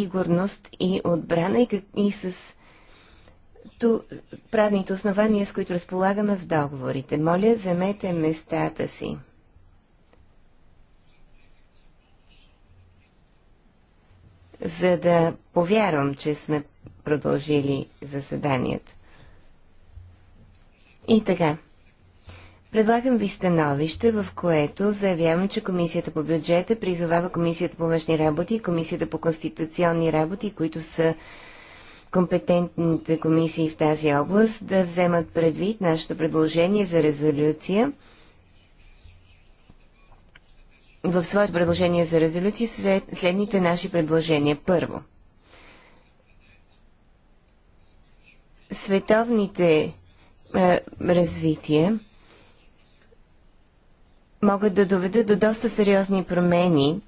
сигурност и отбрана и, как, и с ту, правните основания, с които разполагаме в договорите. Моля, вземете местата си. За да повярвам, че сме продължили заседанието. И така. Предлагам ви становище, в което заявявам, че Комисията по бюджета призовава Комисията по външни работи и Комисията по конституционни работи, които са компетентните комисии в тази област, да вземат предвид нашето предложение за резолюция. В своето предложение за резолюция след, следните наши предложения. Първо, световните е, развития могат да доведат до доста сериозни промени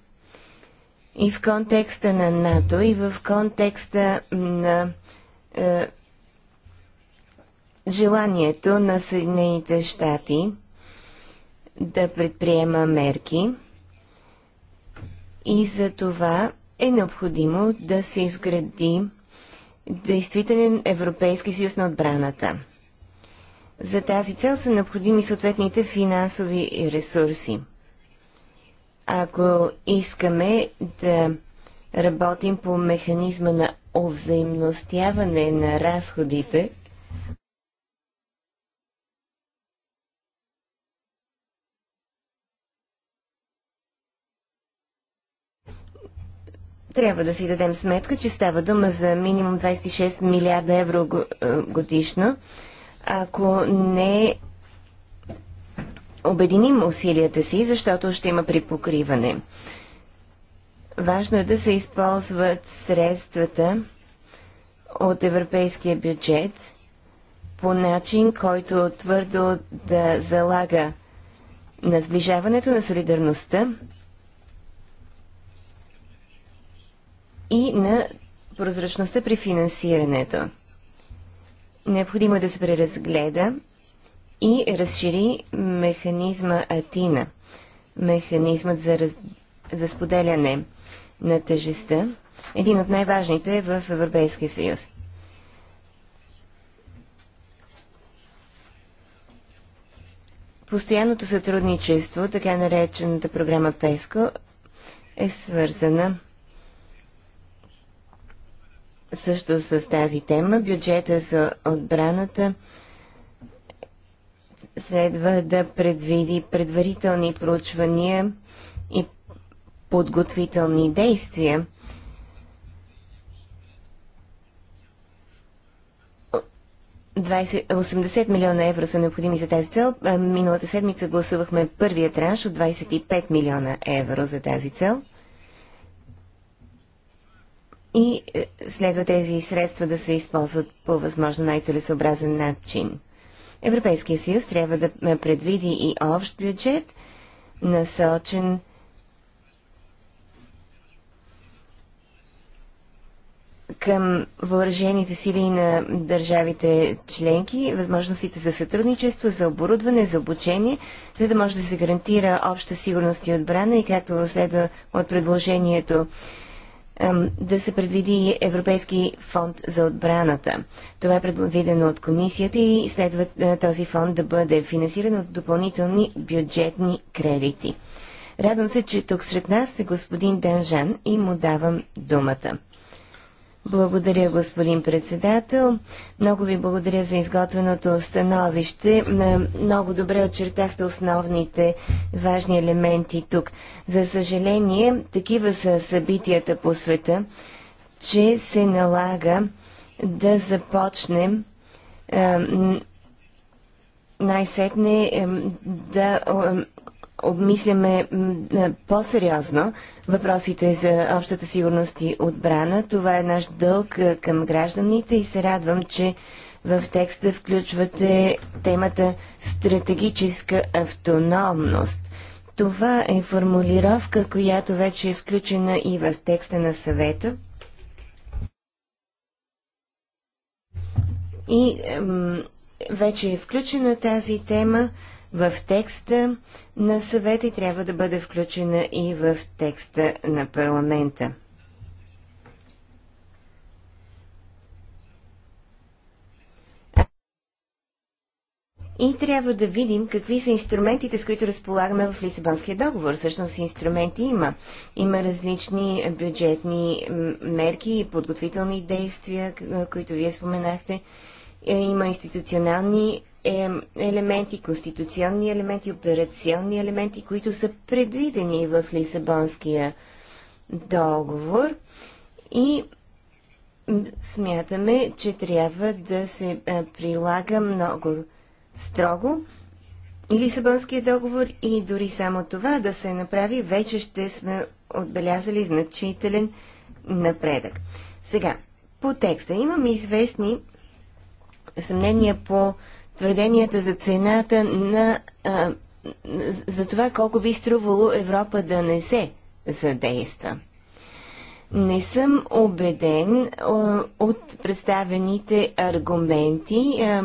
и в контекста на НАТО, и в контекста на е, желанието на Съединените щати да предприема мерки. И за това е необходимо да се изгради действителен Европейски съюз на отбраната. За тази цел са необходими съответните финансови ресурси. Ако искаме да работим по механизма на овзаимностяване на разходите, трябва да си дадем сметка, че става дума за минимум 26 милиарда евро е, годишно, ако не обединим усилията си, защото ще има припокриване. Важно е да се използват средствата от европейския бюджет по начин, който твърдо да залага на сближаването на солидарността и на прозрачността при финансирането необходимо е да се преразгледа и разшири механизма Атина, механизмът за, раз... за споделяне на тъжеста, един от най-важните в Европейския съюз. Постоянното сътрудничество, така наречената програма ПЕСКО, е свързана също с тази тема. Бюджета за отбраната следва да предвиди предварителни проучвания и подготвителни действия. О, 80 милиона евро са необходими за тази цел. Миналата седмица гласувахме първия транш от 25 милиона евро за тази цел – и е, следва тези средства да се използват по възможно най-целесообразен начин. Европейския съюз трябва да е, предвиди и общ бюджет, насочен към въоръжените сили на държавите членки, възможностите за сътрудничество, за оборудване, за обучение, за да може да се гарантира обща сигурност и отбрана и както следва от предложението да се предвиди Европейски фонд за отбраната. Това е предвидено от комисията и следва този фонд да бъде финансиран от допълнителни бюджетни кредити. Радвам се, че тук сред нас е господин Данжан и му давам думата. Благодаря, господин председател. Много ви благодаря за изготвеното становище. Много добре очертахте основните важни елементи тук. За съжаление, такива са събитията по света, че се налага да започнем най-сетне да обмисляме е, по-сериозно въпросите за общата сигурност и отбрана. Това е наш дълг е, към гражданите и се радвам, че в текста включвате темата стратегическа автономност. Това е формулировка, която вече е включена и в текста на съвета. И вече е включена тази тема в текста на съвета и трябва да бъде включена и в текста на парламента. И трябва да видим какви са инструментите, с които разполагаме в Лисабонския договор. Всъщност инструменти има. Има различни бюджетни мерки и подготвителни действия, които вие споменахте. Е, има институционални е, елементи, конституционни елементи, операционни елементи, които са предвидени в Лисабонския договор и смятаме, че трябва да се прилага много строго Лисабонския договор и дори само това да се направи, вече ще сме отбелязали значителен напредък. Сега, по текста имаме известни съмнения по твърденията за цената на... А, за това колко би струвало Европа да не се задейства. Не съм убеден а, от представените аргументи а,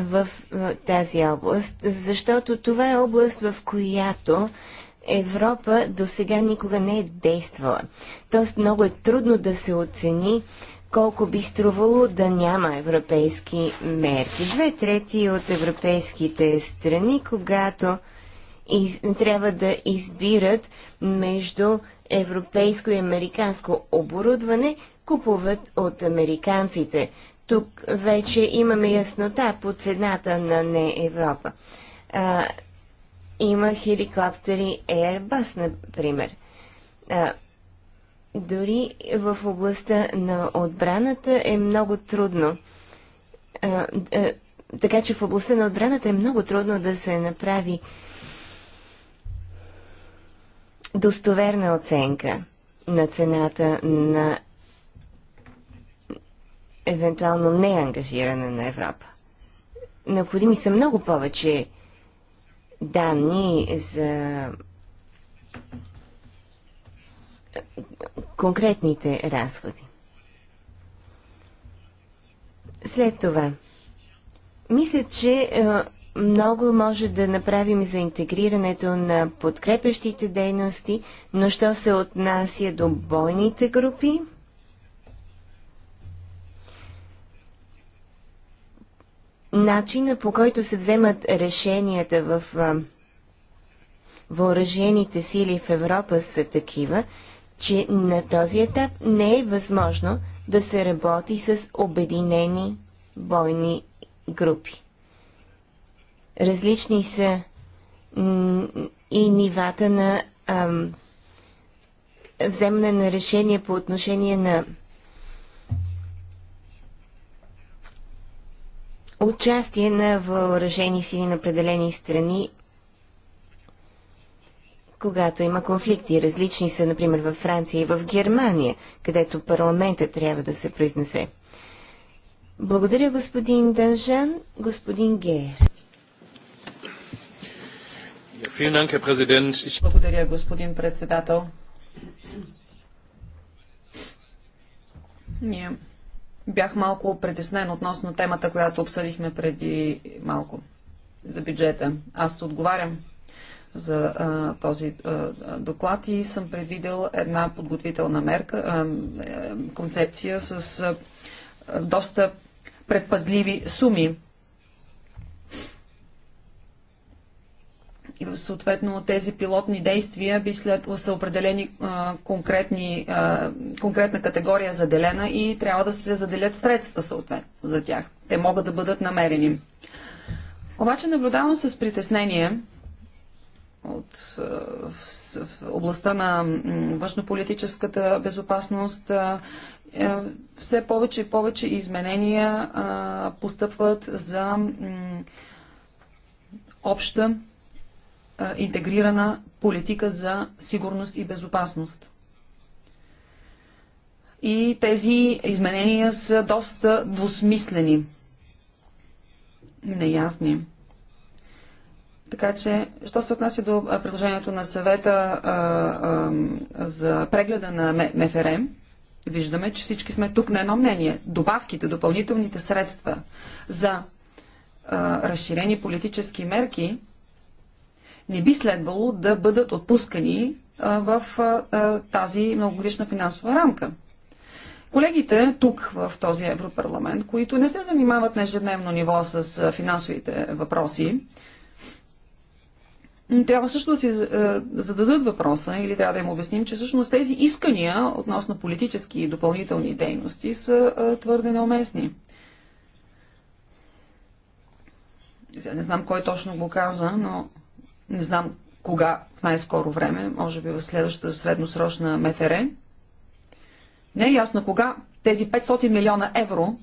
в а, тази област, защото това е област, в която Европа до сега никога не е действала. Тоест много е трудно да се оцени колко би струвало да няма европейски мерки. Две трети от европейските страни, когато из... трябва да избират между европейско и американско оборудване, купуват от американците. Тук вече имаме яснота по цената на не Европа. А, има хеликоптери Airbus, например. А, дори в областта на отбраната е много трудно. така че в областта на отбраната е много трудно да се направи достоверна оценка на цената на евентуално неангажиране на Европа. Необходими са много повече данни за конкретните разходи. След това, мисля, че е, много може да направим за интегрирането на подкрепящите дейности, но що се отнася до бойните групи, начина по който се вземат решенията в е, въоръжените сили в Европа са такива, че на този етап не е възможно да се работи с обединени бойни групи. Различни са и нивата на ам, вземане на решение по отношение на участие на въоръжени сили на определени страни когато има конфликти. Различни са, например, във Франция и в Германия, където парламента трябва да се произнесе. Благодаря, господин Данжан. Господин Геер. Благодаря, господин председател. Ние бях малко притеснен относно темата, която обсъдихме преди малко за бюджета. Аз отговарям за а, този а, доклад и съм предвидел една подготвителна мерка, а, концепция с а, доста предпазливи суми. И съответно тези пилотни действия би след са определени а, конкретни, а, конкретна категория заделена и трябва да се заделят средства съответно за тях. Те могат да бъдат намерени. Обаче наблюдавам с притеснение, от в областта на външнополитическата безопасност е, все повече и повече изменения постъпват за обща интегрирана политика за сигурност и безопасност. И тези изменения са доста двусмислени, неясни. Така че, що се отнася до предложението на съвета а, а, за прегледа на МФРМ, виждаме, че всички сме тук на едно мнение. Добавките, допълнителните средства за а, разширени политически мерки не би следвало да бъдат отпускани а, в а, тази многогодишна финансова рамка. Колегите тук в този Европарламент, които не се занимават на ежедневно ниво с финансовите въпроси, трябва също да си е, зададат въпроса или трябва да им обясним, че всъщност тези искания относно политически и допълнителни дейности са е, твърде неуместни. не знам кой точно го каза, но не знам кога в най-скоро време, може би в следващата средносрочна МФР. Не е ясно кога тези 500 милиона евро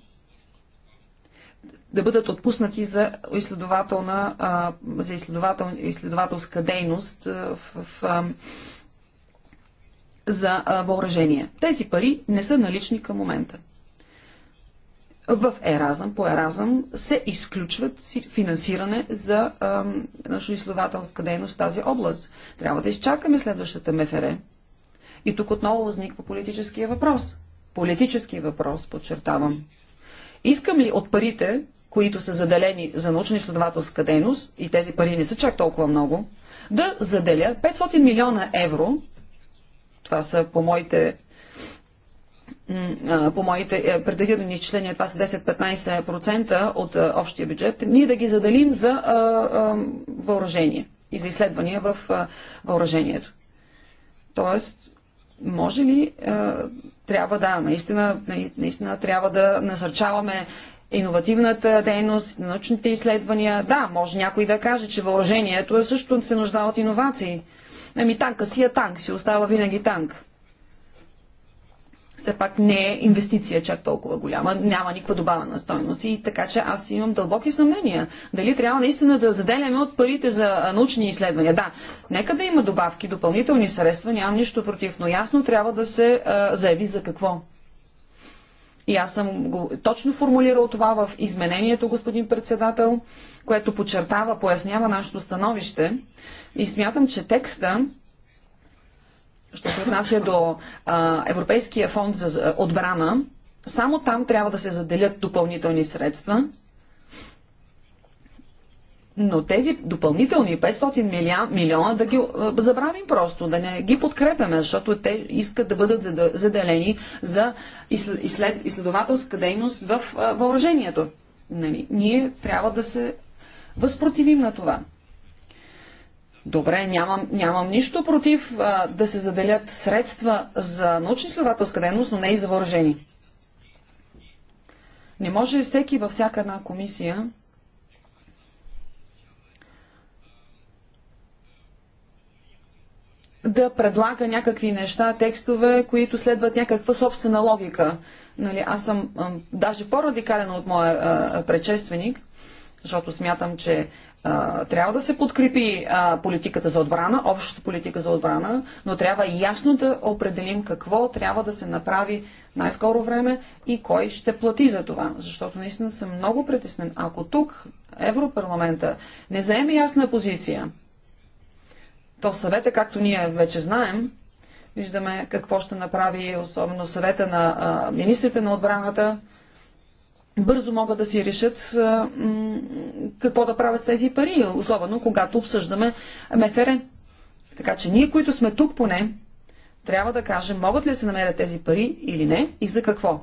да бъдат отпуснати за, изследователна, за изследовател, изследователска дейност в, в, в, за въоръжение. Тези пари не са налични към момента. В Еразъм, по Еразъм се изключват финансиране за научно-изследователска дейност в тази област. Трябва да изчакаме следващата МФР. И тук отново възниква политическия въпрос. Политически въпрос, подчертавам. Искам ли от парите които са заделени за научно-изследователска дейност, и тези пари не са чак толкова много, да заделя 500 милиона евро, това са по моите по моите е, предвидени изчисления, това са 10-15% от общия бюджет, ние да ги заделим за въоръжение и за изследвания в въоръжението. Тоест, може ли, трябва да, наистина, наистина трябва да насърчаваме иновативната дейност, научните изследвания. Да, може някой да каже, че въоръжението е също се нуждае от иновации. Ами танка си е танк, си остава винаги танк. Все пак не е инвестиция чак толкова голяма, няма никаква добавена стойност. И така че аз имам дълбоки съмнения. Дали трябва наистина да заделяме от парите за научни изследвания? Да, нека да има добавки, допълнителни средства, нямам нищо против, но ясно трябва да се а, заяви за какво. И аз съм го точно формулирал това в изменението, господин председател, което подчертава, пояснява нашето становище. И смятам, че текста що се отнася до а, Европейския фонд за отбрана, само там трябва да се заделят допълнителни средства, но тези допълнителни 500 милион, милиона да ги забравим просто, да не ги подкрепяме, защото те искат да бъдат заделени за изслед, изследователска дейност в въоръжението. Нали? Ние трябва да се възпротивим на това. Добре, нямам, нямам нищо против а, да се заделят средства за научно-изследователска дейност, но не и за въоръжение. Не може всеки във всяка една комисия да предлага някакви неща, текстове, които следват някаква собствена логика. Нали, аз съм а, даже по-радикален от моя а, предшественик, защото смятам, че а, трябва да се подкрепи а, политиката за отбрана, общата политика за отбрана, но трябва ясно да определим какво трябва да се направи най-скоро време и кой ще плати за това. Защото наистина съм много притеснен. Ако тук Европарламента не заеме ясна позиция, то съвета, както ние вече знаем, виждаме какво ще направи особено съвета на а, министрите на отбраната, бързо могат да си решат а, какво да правят с тези пари, особено когато обсъждаме МФР. Така че ние, които сме тук поне, трябва да кажем могат ли да се намерят тези пари или не и за какво.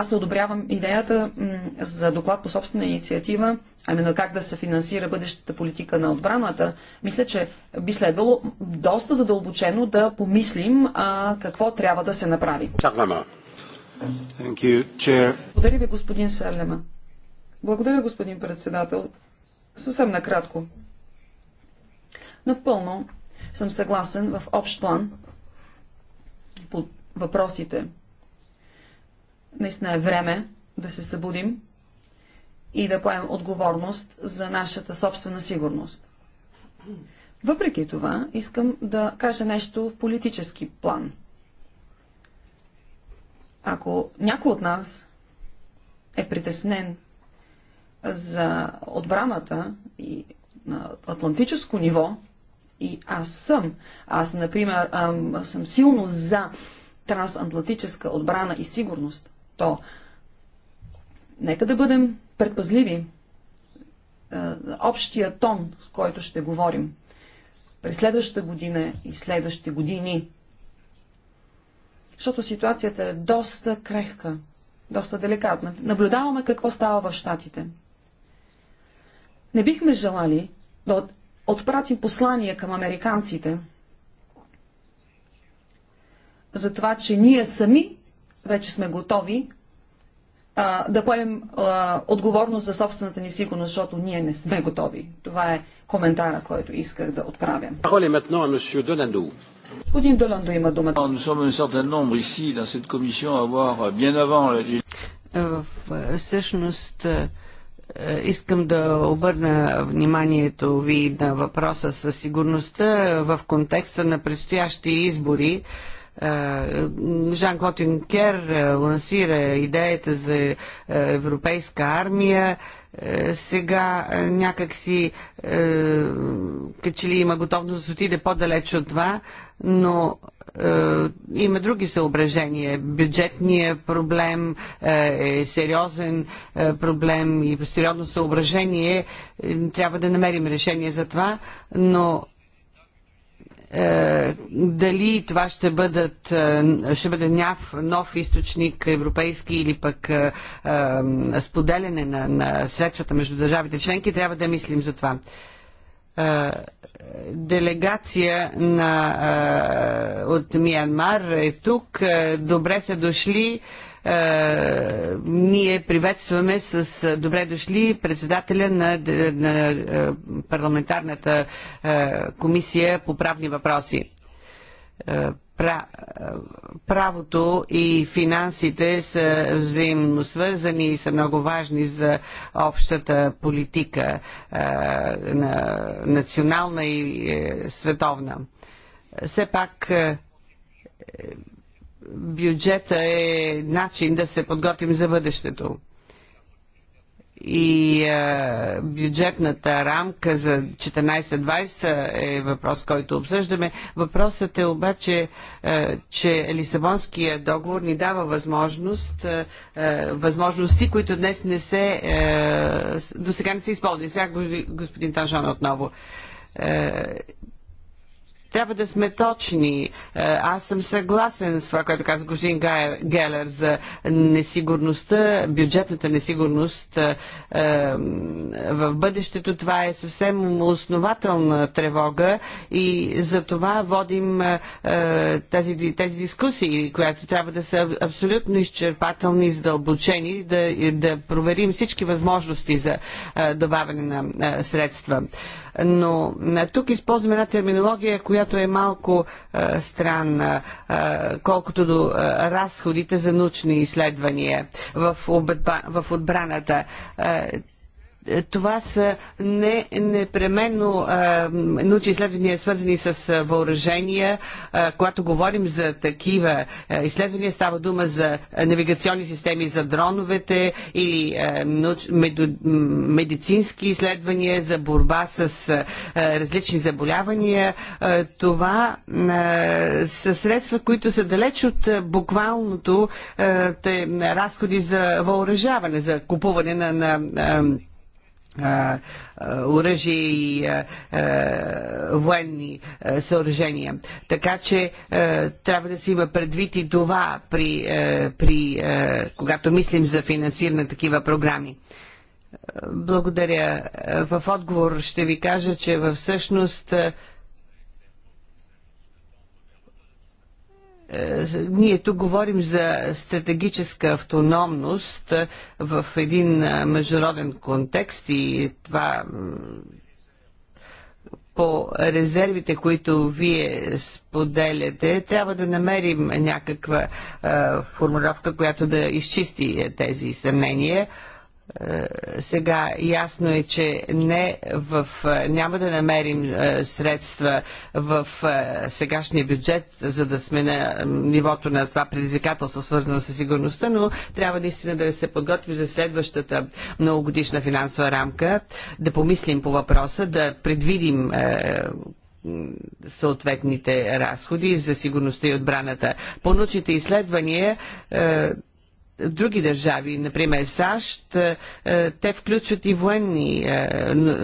Аз одобрявам идеята за доклад по собствена инициатива, а именно как да се финансира бъдещата политика на отбраната. Мисля, че би следвало доста задълбочено да помислим а, какво трябва да се направи. You, Благодаря ви, господин Сарлема. Благодаря, господин председател. Съвсем накратко. Напълно съм съгласен в общ план по въпросите, Наистина е време да се събудим и да поемем отговорност за нашата собствена сигурност. Въпреки това, искам да кажа нещо в политически план. Ако някой от нас е притеснен за отбраната и на атлантическо ниво, и аз съм. Аз, например, съм силно за трансатлантическа отбрана и сигурност то нека да бъдем предпазливи е, общия тон, с който ще говорим през следващата година и следващите години. Защото ситуацията е доста крехка, доста деликатна. Наблюдаваме какво става в Штатите. Не бихме желали да отпратим послание към американците за това, че ние сами вече сме готови а, да поемем а, отговорност за собствената ни сигурност, защото ние не сме готови. Това е коментара, който исках да отправя. Господин Доландо има думата. Е, е, всъщност, е, Искам да обърна вниманието ви на въпроса със сигурността в контекста на предстоящи избори е, Жан-Клод Юнкер е, лансира идеята за е, европейска армия. Сега някакси си ли има готовност да отиде по-далеч от това, но има други съображения. Бюджетният проблем е сериозен проблем и сериозно съображение. Трябва да намерим решение за това, но е, дали това ще, бъдат, е, ще бъде няв, нов източник европейски или пък е, е, споделяне на, на средствата между държавите членки, трябва да мислим за това. Е, делегация на, е, от Миянмар е тук. Добре са дошли е, ние приветстваме с е, добре дошли председателя на, на е, парламентарната комисия по правни въпроси правото и финансите са взаимно свързани и са много важни за общата политика на национална и световна. Все пак бюджета е начин да се подготвим за бъдещето. И а, бюджетната рамка за 14-20 е въпрос, който обсъждаме. Въпросът е обаче, а, че Лисабонския договор ни дава възможност, а, възможности, които днес не се, а, до сега не се използвали. Сега господин Танжан отново трябва да сме точни. Е, аз съм съгласен с това, което каза господин Гелер за несигурността, бюджетната несигурност е, е, в бъдещето. Това е съвсем основателна тревога и за това водим тези, тези дискусии, които трябва да са абсолютно изчерпателни, задълбочени, да, да проверим всички възможности за добавяне на средства но тук използваме една терминология, която е малко а, странна, а, колкото до а, разходите за научни изследвания в, обедба, в отбраната. А, това са не непременно научни изследвания, свързани с въоръжения. А, когато говорим за такива изследвания, става дума за навигационни системи за дроновете или а, науч... меду, медицински изследвания за борба с а, различни заболявания. това са средства, които са далеч от буквалното те, разходи за въоръжаване, за купуване на, на оръжие и а, а, военни а, съоръжения. Така че трябва да се има предвид и това, при, при, когато мислим за финансиране на такива програми. Благодаря. В отговор ще ви кажа, че всъщност всъщност Е, ние тук говорим за стратегическа автономност е, в един е, международен контекст и това по резервите, които вие споделяте, трябва да намерим някаква формулировка, която да изчисти тези съмнения. Е, сега ясно е, че не в, е, няма да намерим е, средства в сегашния бюджет, за да сме на нивото на това предизвикателство, свързано с сигурността, но трябва наистина да се подготвим за следващата многогодишна финансова рамка, да помислим по въпроса, да предвидим съответните разходи за сигурността и отбраната. По научните изследвания други държави, например САЩ, е, е, те включват и военни е,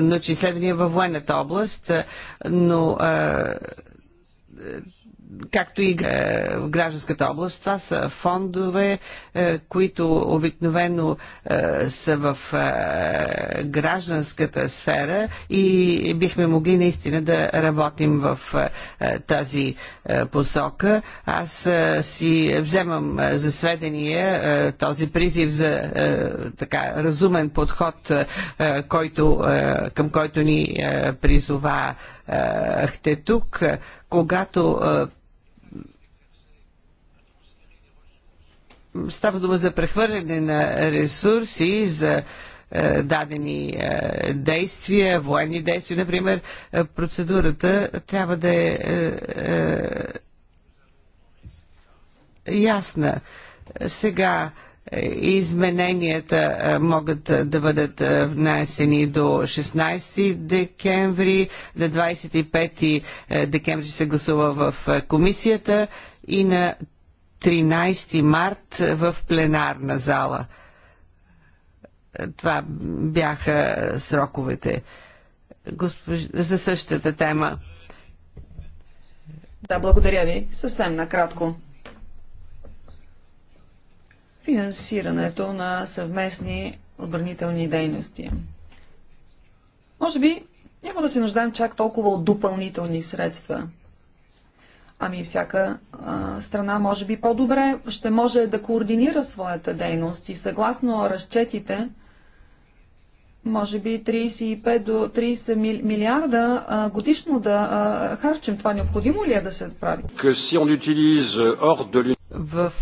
начисления във военната област, но както и е, в гражданската област. Това са фондове, е, които обикновено е, са в гражданската сфера и бихме могли наистина да работим в тази посока. Аз си вземам за сведение този призив за така разумен подход, който, към който ни призовахте тук когато става дума за прехвърляне на ресурси, за дадени действия, военни действия, например, процедурата трябва да е ясна. Сега Измененията могат да бъдат внесени до 16 декември, до 25 декември се гласува в комисията и на 13 март в пленарна зала. Това бяха сроковете Госпож... за същата тема. Да, благодаря ви. Съвсем накратко финансирането на съвместни отбранителни дейности. Може би няма да се нуждаем чак толкова от допълнителни средства. Ами всяка а, страна, може би по-добре, ще може да координира своята дейност и съгласно разчетите, може би 35 до 30 милиарда а, годишно да а, харчим. Това необходимо ли е да се прави? В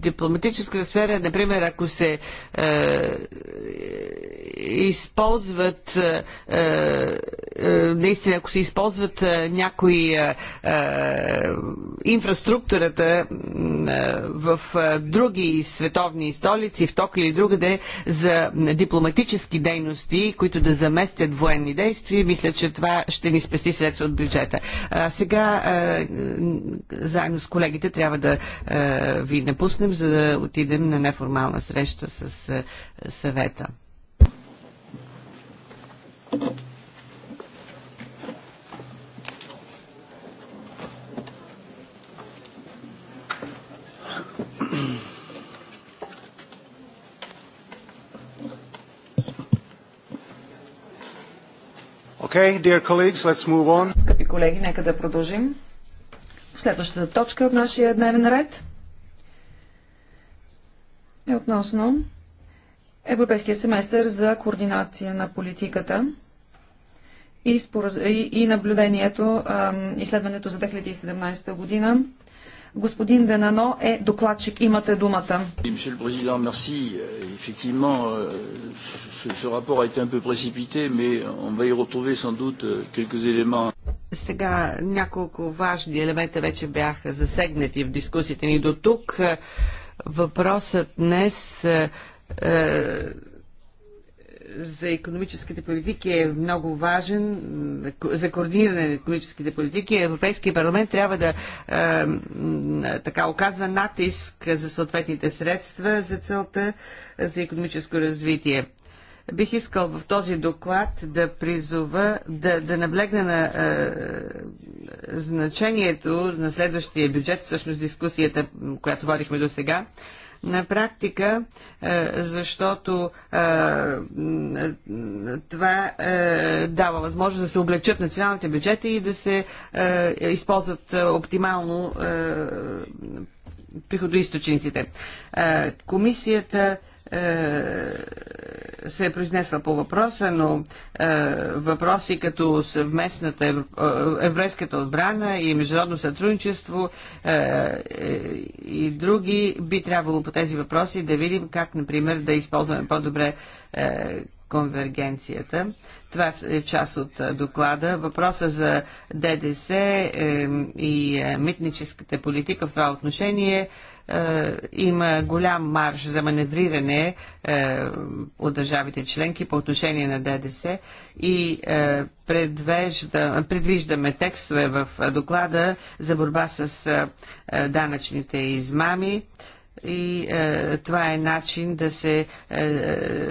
дипломатическата сфера, например, ако се е, използват е, е, е, наистина, ако се използват някои инфраструктурата в други световни столици, в Ток или другаде, за дипломатически дейности, които да заместят военни действия, мисля, че това ще ни спести средства от бюджета. А сега, заедно с колегите, трябва да ви напуснем, за да отидем на неформална среща с съвета. Okay, Скъпи колеги, нека да продължим. Следващата точка от нашия дневен ред е относно Европейския семестър за координация на политиката и, спораз... и, наблюдението, изследването за 2017 година. Господин Денано е докладчик. Имате думата. Euh, ce rapport a été un peu précipité, mais on va y retrouver sans doute euh, quelques éléments. Сега няколко важни елемента вече бяха засегнати в дискусията ни до тук. Въпросът днес е, е за економическите политики е много важен, за координиране на економическите политики. Европейския парламент трябва да е, така оказва натиск за съответните средства за целта за економическо развитие. Бих искал в този доклад да призова, да, да наблегна на е, значението на следващия бюджет, всъщност дискусията, която водихме до сега, на практика, е, защото е, това е, дава възможност да се облечат националните бюджети и да се използват оптимално приходоисточниците. Комисията е, се е произнесла по въпроса, но е, въпроси като съвместната евро, е, еврейската отбрана и международно сътрудничество е, е, и други, би трябвало по тези въпроси да видим как, например, да използваме по-добре е, конвергенцията. Е, това е част от доклада. Въпроса за ДДС и е, митническата политика в това отношение е, има голям марш за маневриране е, от държавите членки по отношение на ДДС и предвиждаме текстове в доклада за борба с данъчните измами и е, това е начин да се е,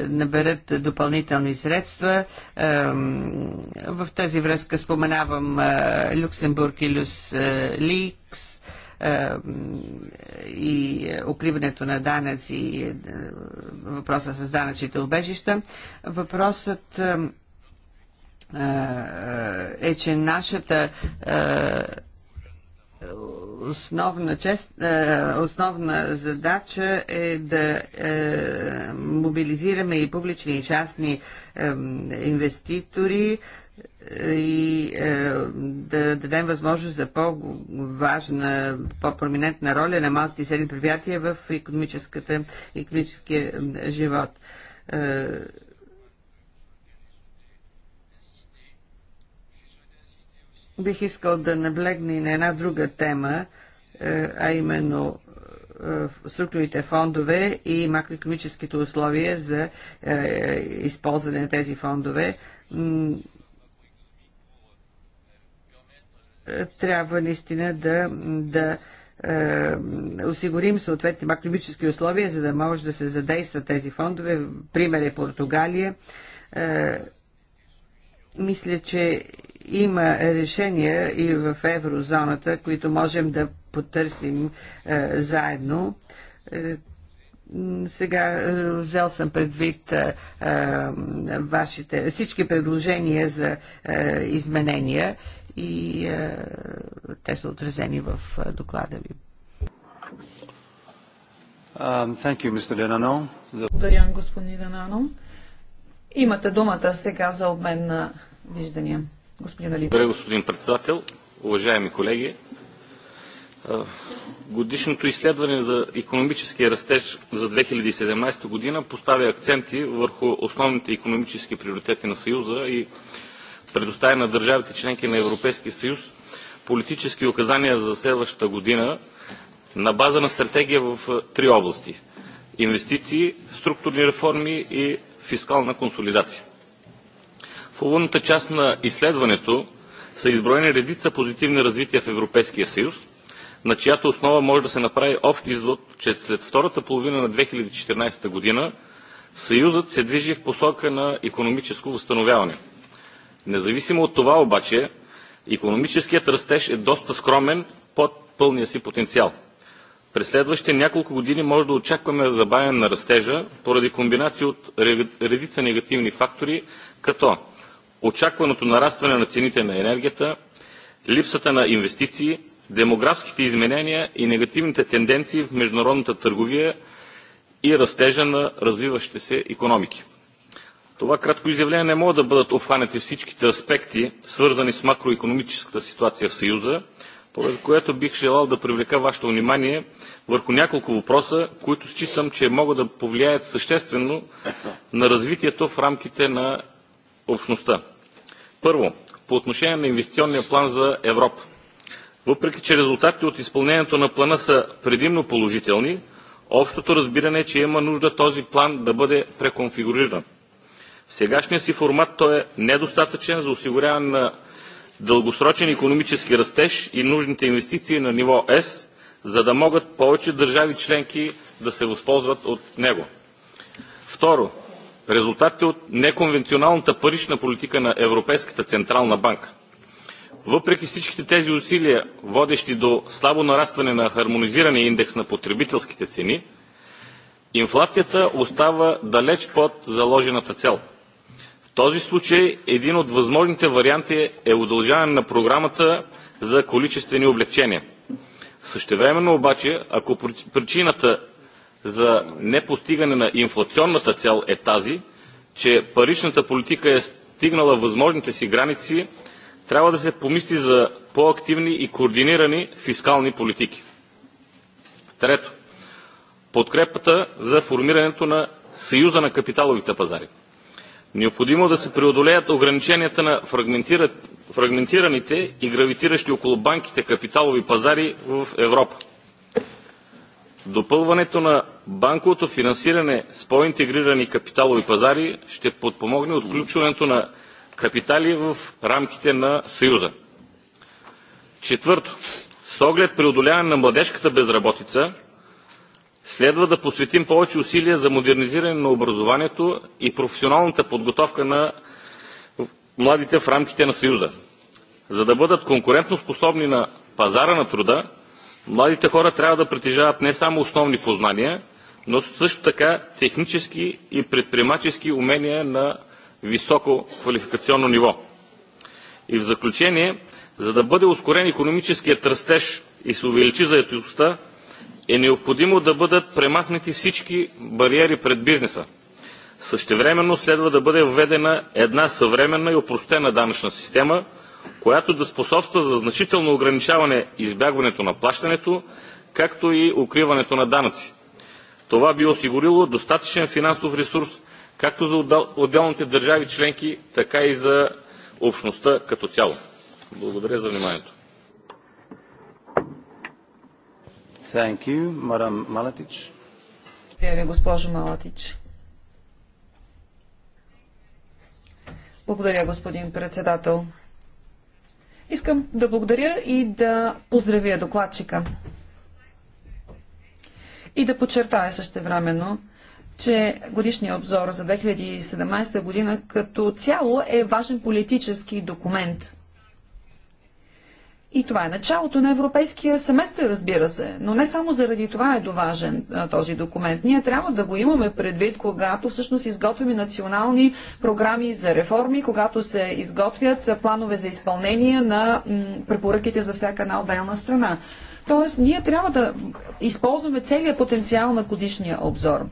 наберат допълнителни средства. Е, в тази връзка споменавам е, Люксембург и Люс е, Ликс и укриването на данъци и е, въпроса с данъчните убежища. Въпросът е, е, е че нашата е, основна, чест, е, основна задача е да е, мобилизираме и публични и частни инвеститори е, и да дадем възможност за по-важна, по-проминентна роля на малките и средни предприятия в економическия живот бих искал да наблегна и на една друга тема, е, а именно е, структурните фондове и макроекономическите условия за е, използване на тези фондове. Трябва наистина да, да осигурим съответните макроекономически условия, за да може да се задействат тези фондове. Пример е Португалия мисля, че има решения и в еврозоната, които можем да потърсим е, заедно. Е, сега е, взел съм предвид е, е, вашите, всички предложения за е, изменения и е, те са отразени в е, доклада ви. Um, The... Благодаря, господин Денано. Имате думата сега за обмен на виждания. Господин Али. Добре, господин председател. Уважаеми колеги, годишното изследване за економическия растеж за 2017 година поставя акценти върху основните економически приоритети на Съюза и предоставя на държавите членки на Европейския съюз политически указания за следващата година на база на стратегия в три области – инвестиции, структурни реформи и фискална консолидация. В уводната част на изследването са изброени редица позитивни развития в Европейския съюз, на чиято основа може да се направи общ извод, че след втората половина на 2014 година Съюзът се движи в посока на економическо възстановяване. Независимо от това обаче, економическият растеж е доста скромен под пълния си потенциал – през следващите няколко години може да очакваме забавяне на растежа поради комбинация от редица негативни фактори, като очакваното нарастване на цените на енергията, липсата на инвестиции, демографските изменения и негативните тенденции в международната търговия и растежа на развиващите се економики. Това кратко изявление не могат да бъдат обхванати всичките аспекти, свързани с макроекономическата ситуация в Съюза, поради което бих желал да привлека вашето внимание върху няколко въпроса, които считам, че могат да повлияят съществено на развитието в рамките на общността. Първо, по отношение на инвестиционния план за Европа. Въпреки, че резултатите от изпълнението на плана са предимно положителни, общото разбиране е, че има нужда този план да бъде преконфигуриран. В сегашния си формат той е недостатъчен за осигуряване на дългосрочен икономически растеж и нужните инвестиции на ниво ЕС, за да могат повече държави членки да се възползват от него. Второ, резултатите от неконвенционалната парична политика на Европейската Централна банка. Въпреки всичките тези усилия, водещи до слабо нарастване на хармонизирания индекс на потребителските цени, инфлацията остава далеч под заложената цел – този случай един от възможните варианти е удължаване на програмата за количествени облегчения. Същевременно обаче, ако причината за непостигане на инфлационната цел е тази, че паричната политика е стигнала възможните си граници, трябва да се помисли за по-активни и координирани фискални политики. Трето, подкрепата за формирането на Съюза на капиталовите пазари – Необходимо да се преодолеят ограниченията на фрагментираните и гравитиращи около банките капиталови пазари в Европа. Допълването на банковото финансиране с по-интегрирани капиталови пазари ще подпомогне отключването на капитали в рамките на Съюза. Четвърто, с оглед преодоляване на младежката безработица, Следва да посветим повече усилия за модернизиране на образованието и професионалната подготовка на младите в рамките на Съюза. За да бъдат конкурентоспособни на пазара на труда, младите хора трябва да притежават не само основни познания, но също така технически и предприемачески умения на високо квалификационно ниво. И в заключение, за да бъде ускорен економическият растеж и се увеличи заетостта, е необходимо да бъдат премахнати всички бариери пред бизнеса. Същевременно следва да бъде введена една съвременна и опростена данъчна система, която да способства за значително ограничаване избягването на плащането, както и укриването на данъци. Това би осигурило достатъчен финансов ресурс както за отделните държави членки, така и за общността като цяло. Благодаря за вниманието. Благодаря ви, госпожо Малатич. Благодаря, господин председател. Искам да благодаря и да поздравя докладчика. И да подчертая също времено, че годишният обзор за 2017 година като цяло е важен политически документ. И това е началото на европейския семестър, разбира се. Но не само заради това е доважен а, този документ. Ние трябва да го имаме предвид, когато всъщност изготвяме национални програми за реформи, когато се изготвят планове за изпълнение на препоръките за всяка една отделна страна. Тоест, ние трябва да използваме целият потенциал на годишния обзор.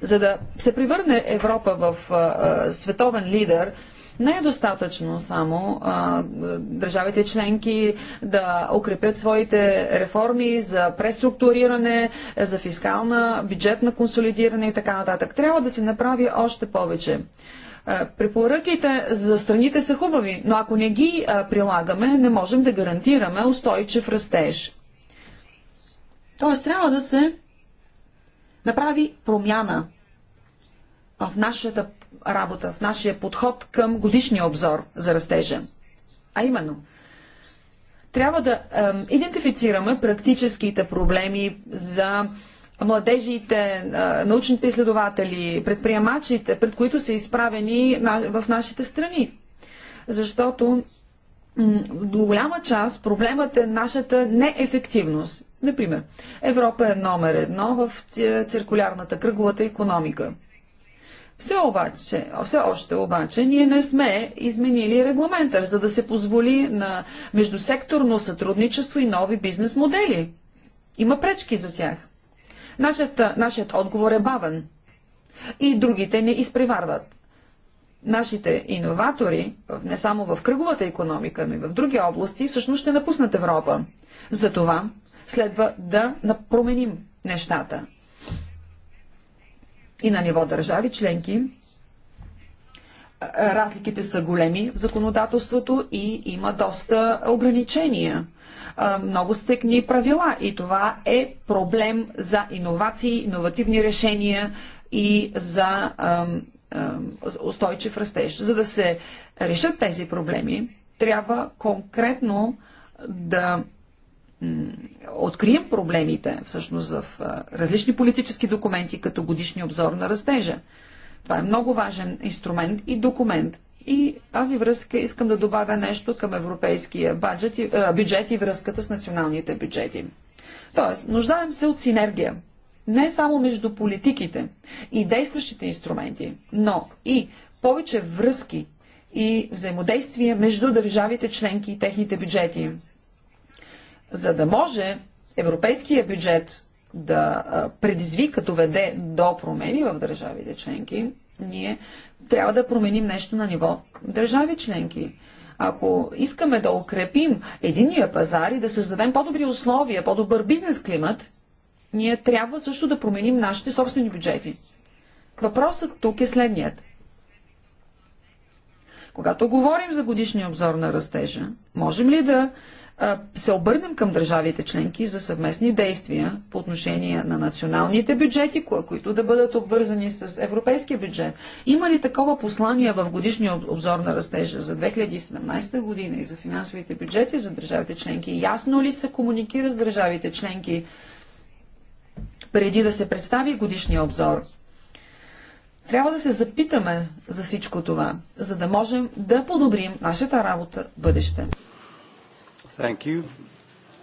За да се превърне Европа в а, световен лидер, не е достатъчно само а, държавите членки да укрепят своите реформи за преструктуриране, за фискална, бюджетна консолидиране и така нататък. Трябва да се направи още повече. Препоръките за страните са хубави, но ако не ги а, прилагаме, не можем да гарантираме устойчив растеж. Тоест трябва да се направи промяна в нашата работа, в нашия подход към годишния обзор за растежа. А именно, трябва да е, идентифицираме практическите проблеми за младежите, е, научните изследователи, предприемачите, пред които са изправени в нашите страни. Защото до голяма част проблемът е нашата неефективност. Например, Европа е номер едно в циркулярната кръговата економика. Все, обаче, все още обаче ние не сме изменили регламента, за да се позволи на междусекторно сътрудничество и нови бизнес модели. Има пречки за тях. Нашият, нашият отговор е бавен. И другите не изпреварват. Нашите иноватори, не само в кръговата економика, но и в други области, всъщност ще напуснат Европа. Затова следва да променим нещата и на ниво държави членки разликите са големи в законодателството и има доста ограничения. Много стъкни правила и това е проблем за иновации, иновативни решения и за устойчив растеж. За да се решат тези проблеми, трябва конкретно да открием проблемите всъщност в различни политически документи, като годишния обзор на растежа. Това е много важен инструмент и документ. И тази връзка искам да добавя нещо към европейския бюджет и, бюджет и връзката с националните бюджети. Тоест, нуждаем се от синергия. Не само между политиките и действащите инструменти, но и повече връзки и взаимодействие между държавите членки и техните бюджети за да може европейския бюджет да предизвика, доведе до промени в държавите членки, ние трябва да променим нещо на ниво държави членки. Ако искаме да укрепим единия пазар и да създадем по-добри условия, по-добър бизнес климат, ние трябва също да променим нашите собствени бюджети. Въпросът тук е следният. Когато говорим за годишния обзор на растежа, можем ли да се обърнем към държавите членки за съвместни действия по отношение на националните бюджети, които да бъдат обвързани с европейския бюджет. Има ли такова послание в годишния обзор на растежа за 2017 година и за финансовите бюджети за държавите членки? Ясно ли се комуникира с държавите членки преди да се представи годишния обзор? Трябва да се запитаме за всичко това, за да можем да подобрим нашата работа в бъдеще. Thank you.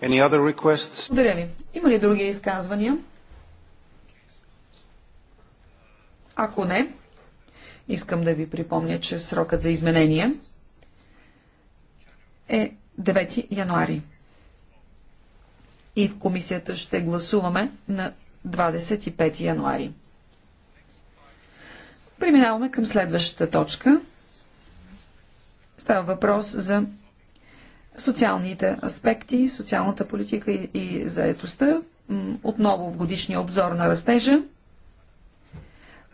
Any other requests? Благодаря ви. Има ли други изказвания? Ако не, искам да ви припомня, че срокът за изменение е 9 януари. И в комисията ще гласуваме на 25 януари. Преминаваме към следващата точка. Става въпрос за социалните аспекти, социалната политика и, заедостта, отново в годишния обзор на растежа.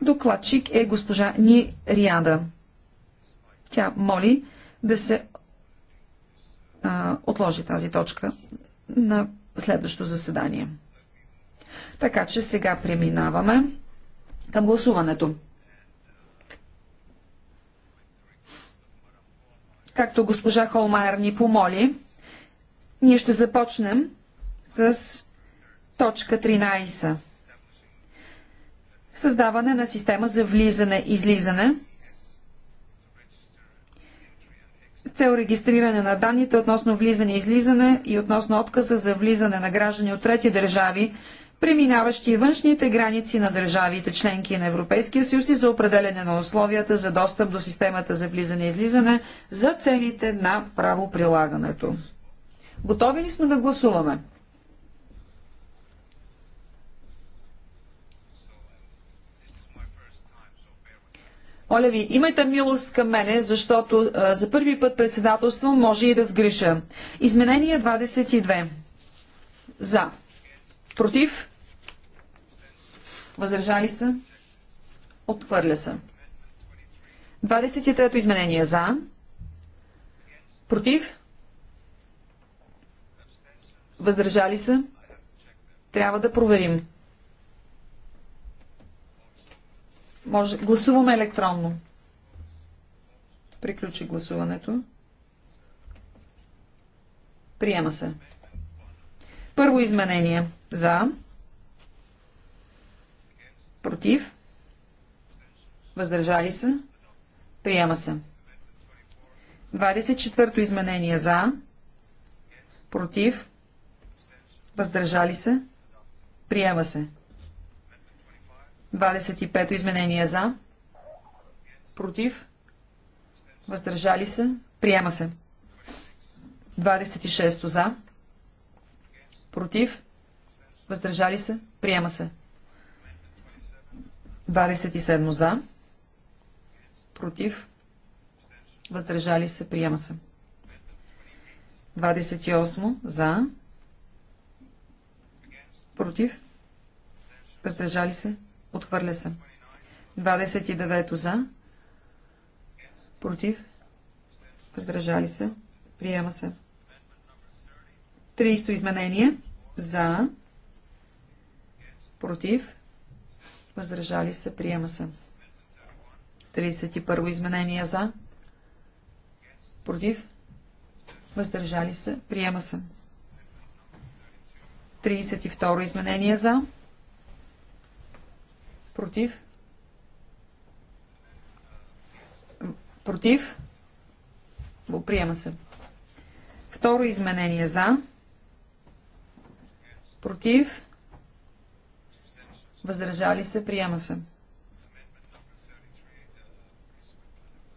Докладчик е госпожа Ни Риада. Тя моли да се а, отложи тази точка на следващо заседание. Така че сега преминаваме към гласуването. както госпожа Холмайер ни помоли, ние ще започнем с точка 13. Създаване на система за влизане-излизане с цел регистриране на данните относно влизане-излизане и относно отказа за влизане на граждани от трети държави преминаващи външните граници на държавите членки на Европейския съюз и за определене на условията за достъп до системата за влизане и излизане за целите на правоприлагането. Готови ли сме да гласуваме? Моля ви, имайте милост към мене, защото а, за първи път председателство може и да сгреша. Изменение 22. За. Против. Въздържали са? Отхвърля са. 23-то изменение за. Против? Въздържали са? Трябва да проверим. Може... Гласуваме електронно. Приключи гласуването. Приема се. Първо изменение. За. Против? Въздържали се? Приема се. 24-то изменение за. Против? Въздържали се? Приема се. 25-то изменение за. Против? Въздържали се? Приема се. 26 за. Против? Въздържали се? Приема се. 27 за, против, въздържали се, приема се. 28 за, против, въздържали се, отхвърля се. 29 за, против, въздържали се, приема се. 30 изменение за, против, Въздържали се. Приема се. 31 изменение за. Против. Въздържали се. Приема се. 32 изменение за. Против. Против. Приема се. Второ изменение за. Против въздържали се, приема се.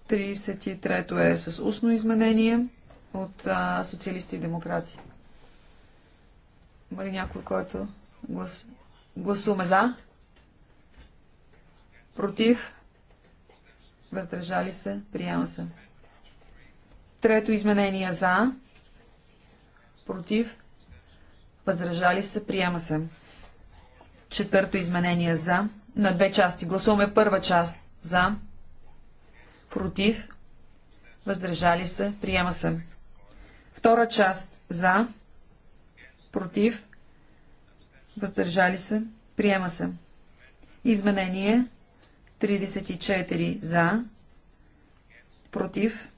33-то е с устно изменение от а, социалисти и демократи. Има ли някой, който глас... гласуваме за? Против? Въздържали се? Приема се. Трето изменение за? Против? Въздържали се? Приема се. Четвърто изменение за. На две части. Гласуваме първа част за. Против. Въздържали се. Приема се. Втора част за. Против. Въздържали се. Приема се. Изменение 34 за. Против.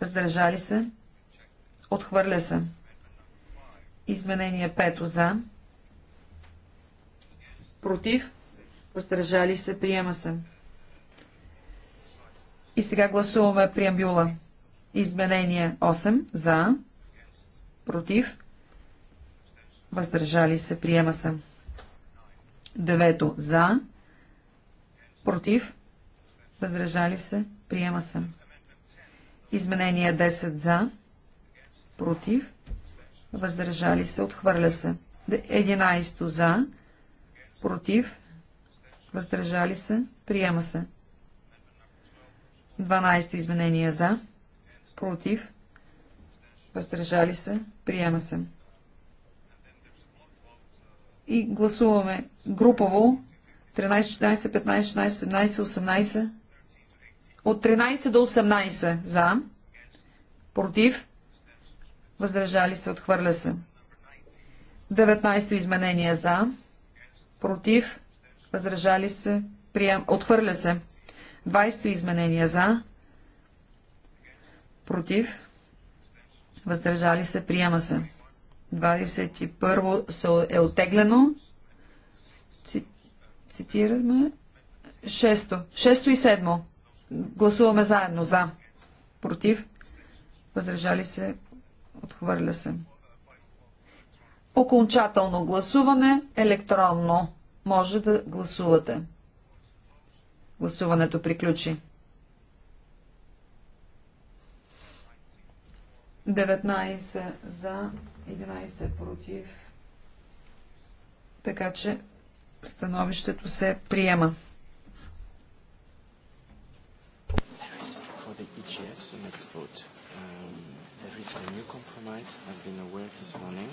Въздържали се. Отхвърля се. Изменение 5 за против, въздържали се, приема се. И сега гласуваме преамбюла. Изменение 8 за, против, въздържали се, приема се. Девето за, против, въздържали се, приема се. Изменение 10 за, против, въздържали се, отхвърля се. 11 за, против, въздържали се, приема се. 12 изменения за, против, въздържали се, приема се. И гласуваме групово 13, 14, 15, 16, 17, 18, от 13 до 18 за, против, въздържали се, отхвърля се. 19 изменения за, против, въздържали се, прием... отхвърля се. 20 изменение за, против, въздържали се, приема се. 21 е отеглено. Цитираме. 6. 6 и 7. Гласуваме заедно за. Против. Въздържали се. Отхвърля се. Окончателно гласуване електронно. Може да гласувате. Гласуването приключи. 19 за, 11 против. Така че становището се приема. For the e vote. Um... There is a new compromise I've been aware this morning.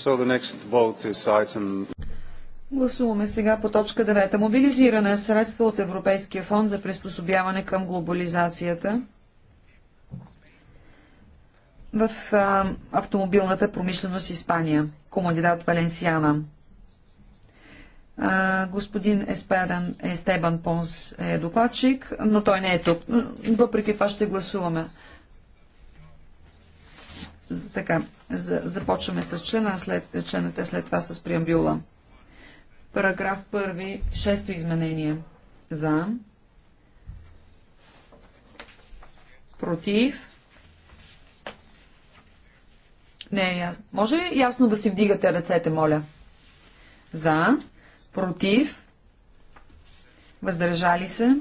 So item... Гласуваме сега по точка 9. Мобилизиране средства от Европейския фонд за приспособяване към глобализацията в а, автомобилната промишленост Испания. Командидат Валенсиана. А, господин Еспедан, Естебан Понс е докладчик, но той не е тук. Въпреки това ще гласуваме. За, така, за, започваме с члена, след, членът след това с преамбюла. Параграф 1, шесто изменение. За. Против. Не ясно. Може ли ясно да си вдигате ръцете, моля? За. Против. Въздържали се.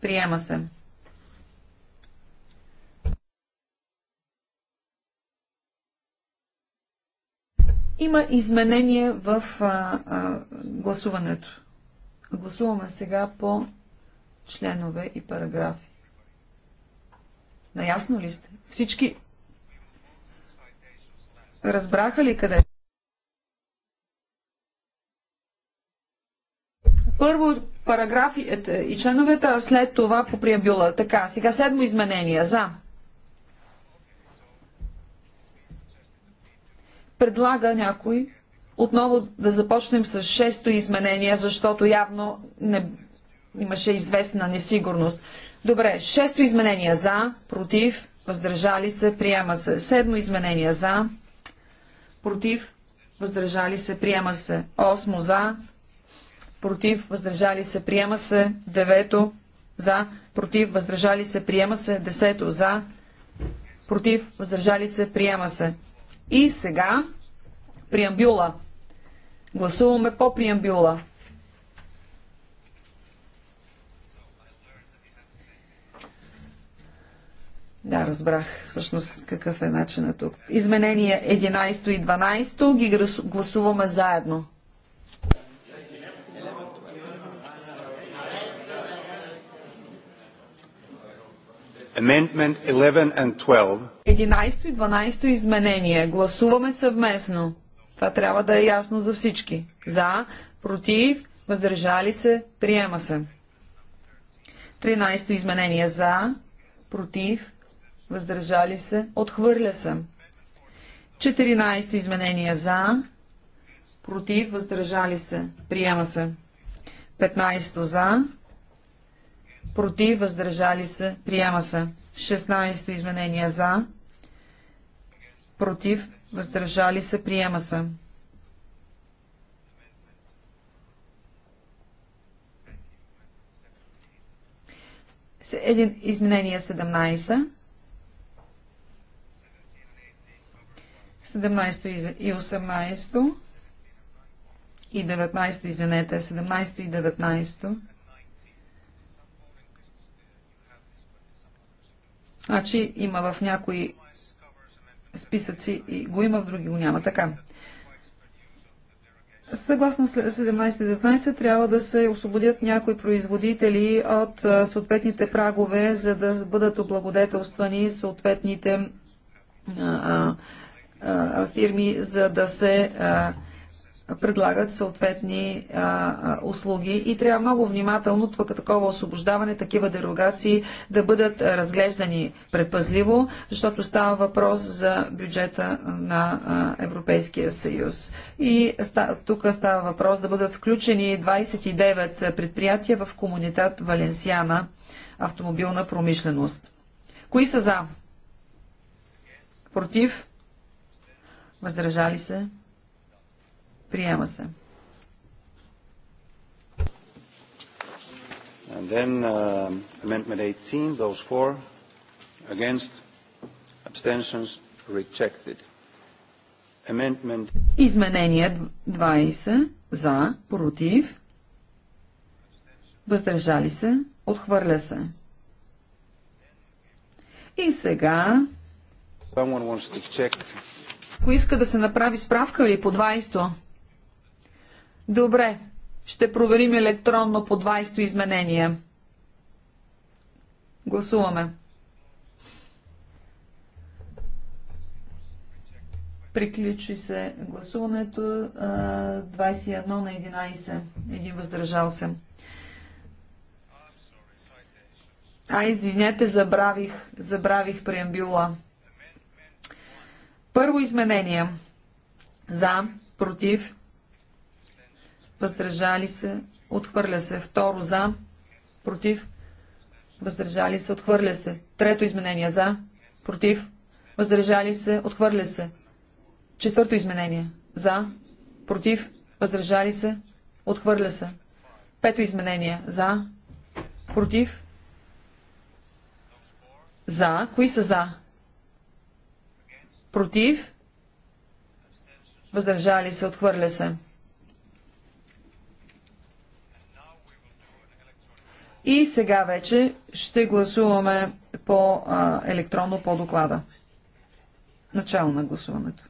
Приема се. Има изменение в а, а, гласуването. Гласуваме сега по членове и параграфи. Наясно ли сте? Всички разбраха ли къде? Първо параграфите е, и членовете, а след това по приабюла. Така, сега седмо изменение. За. предлага някой отново да започнем с шесто изменение, защото явно не, имаше известна несигурност. Добре, шесто изменение за, против, въздържали се, приема се. Седмо изменение за, против, въздържали се, приема се. Осмо за, против, въздържали се, приема се. Девето за, против, въздържали се, приема се. Десето за, против, въздържали се, приема се. И сега преамбюла. Гласуваме по преамбюла. Да, разбрах всъщност какъв е начинът тук. Изменения 11 и 12 ги гласуваме заедно. Amendment 11 and 12. 11 и 12 изменение. Гласуваме съвместно. Това трябва да е ясно за всички. За, против, въздържали се, приема се. 13 изменение за, против, въздържали се, отхвърля се. 14 изменение за, против, въздържали се, приема се. 15 за, против, въздържали се, приема се. 16 изменение за, против, въздържали се, приема се. Един изменение 17. 17 и 18 и 19, извинете, 17 и 19. Значи има в някои списъци и го има, в други го няма. Така. Съгласно 17-19 трябва да се освободят някои производители от съответните прагове, за да бъдат облагодетелствани съответните а, а, а, фирми, за да се а, предлагат съответни а, а, услуги и трябва много внимателно тук такова освобождаване, такива дерогации да бъдат разглеждани предпазливо, защото става въпрос за бюджета на а, Европейския съюз. И ста, тук става въпрос да бъдат включени 29 предприятия в комунитет Валенсиана автомобилна промишленост. Кои са за? Против? Въздържали се? Приема се. And then uh, amendment 18, those against, abstentions, rejected. Amendment... Изменение 20, за, против, въздържали се, отхвърля се. И сега... Ако иска да се направи справка или по 20 Добре, ще проверим електронно по 20-то изменение. Гласуваме. Приключи се гласуването 21 на 11. Един въздържал се. А, извинете, забравих, забравих преамбюла. Първо изменение. За, против, въздържали се, отхвърля се. Второ за, против, въздържали се, отхвърля се. Трето изменение за, против, въздържали се, отхвърля се. Четвърто изменение за, против, въздържали се, отхвърля се. Пето изменение за, против, за, кои са за? Против, въздържали се, отхвърля се. И сега вече ще гласуваме по а, електронно по доклада. Начало на гласуването.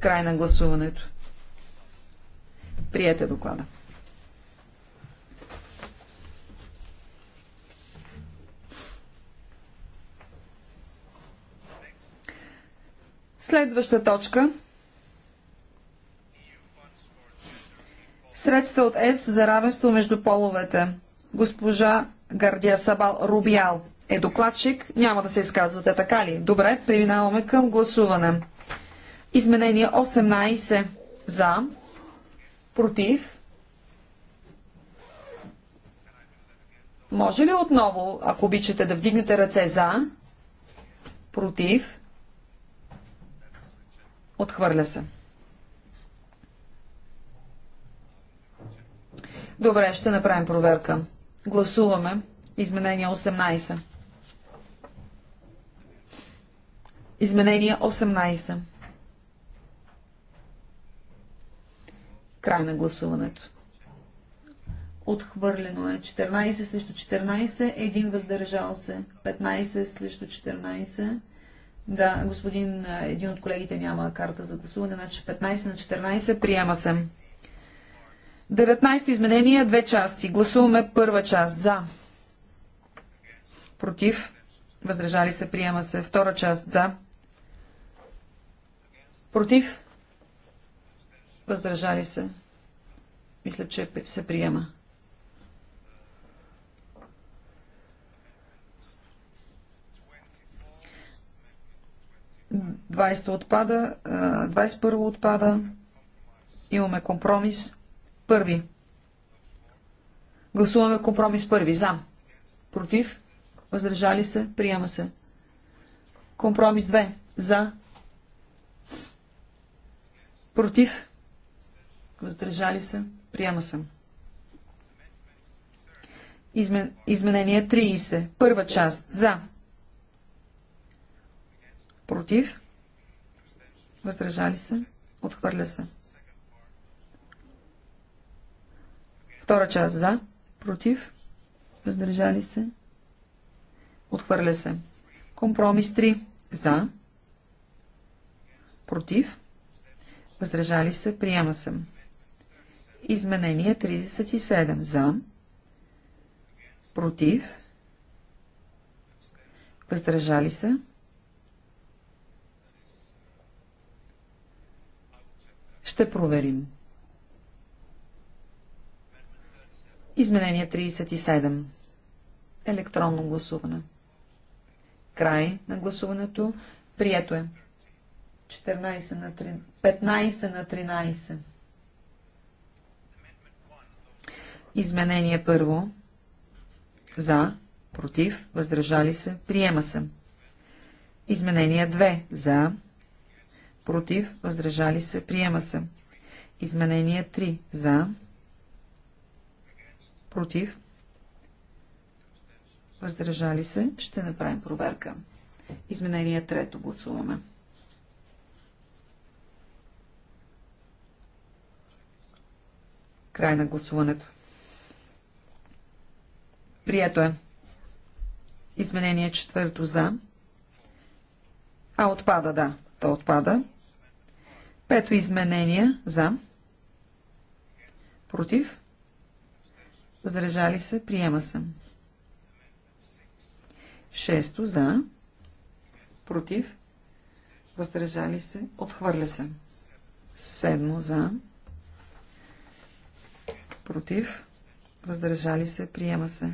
Край на гласуването. Приете доклада. Следваща точка средства от ЕС за равенство между половете. Госпожа Гардия Сабал Рубиал е докладчик. Няма да се изказвате, така ли? Добре, преминаваме към гласуване. Изменение 18 за, против. Може ли отново, ако обичате, да вдигнете ръце за, против? Отхвърля се. Добре, ще направим проверка. Гласуваме изменение 18. Изменение 18. Край на гласуването. Отхвърлено е 14 срещу 14, един въздържал се, 15 срещу 14. Да, господин, един от колегите няма карта за гласуване, значи 15 на 14 приема се. 19 изменение, две части. Гласуваме първа част за. Против. Въздържали се, приема се. Втора част за. Против. Въздържали се. Мисля, че се приема. Двайсто отпада, 21 отпада. Имаме компромис. Първи. Гласуваме компромис първи. За. Против. Въздържали се. Приема се. Компромис 2. За. Против. Въздържали се. Приема се. Измен... Изменение 30. Първа част. За. Против. Въздържали се. Отхвърля се. Втора част за, против, въздържали се, отхвърля се. Компромис 3 за, против, въздържали се, приема се. Изменение 37 за, против, въздържали се. Ще проверим. Изменение 37. Електронно гласуване. Край на гласуването. Прието е. 14 на 3... 15 на 13. Изменение първо. За. Против. Въздържали се. Приема се. Изменение 2. За. Против. Въздържали се. Приема се. Изменение 3. За против, въздържали се, ще направим проверка. Изменение трето гласуваме. Край на гласуването. Прието е. Изменение четвърто за. А отпада, да. Та отпада. Пето изменение за. Против. Въздържали се. Приема се. Шесто за. Против. Въздържали се. Отхвърля се. Седмо за. Против. Въздържали се. Приема се.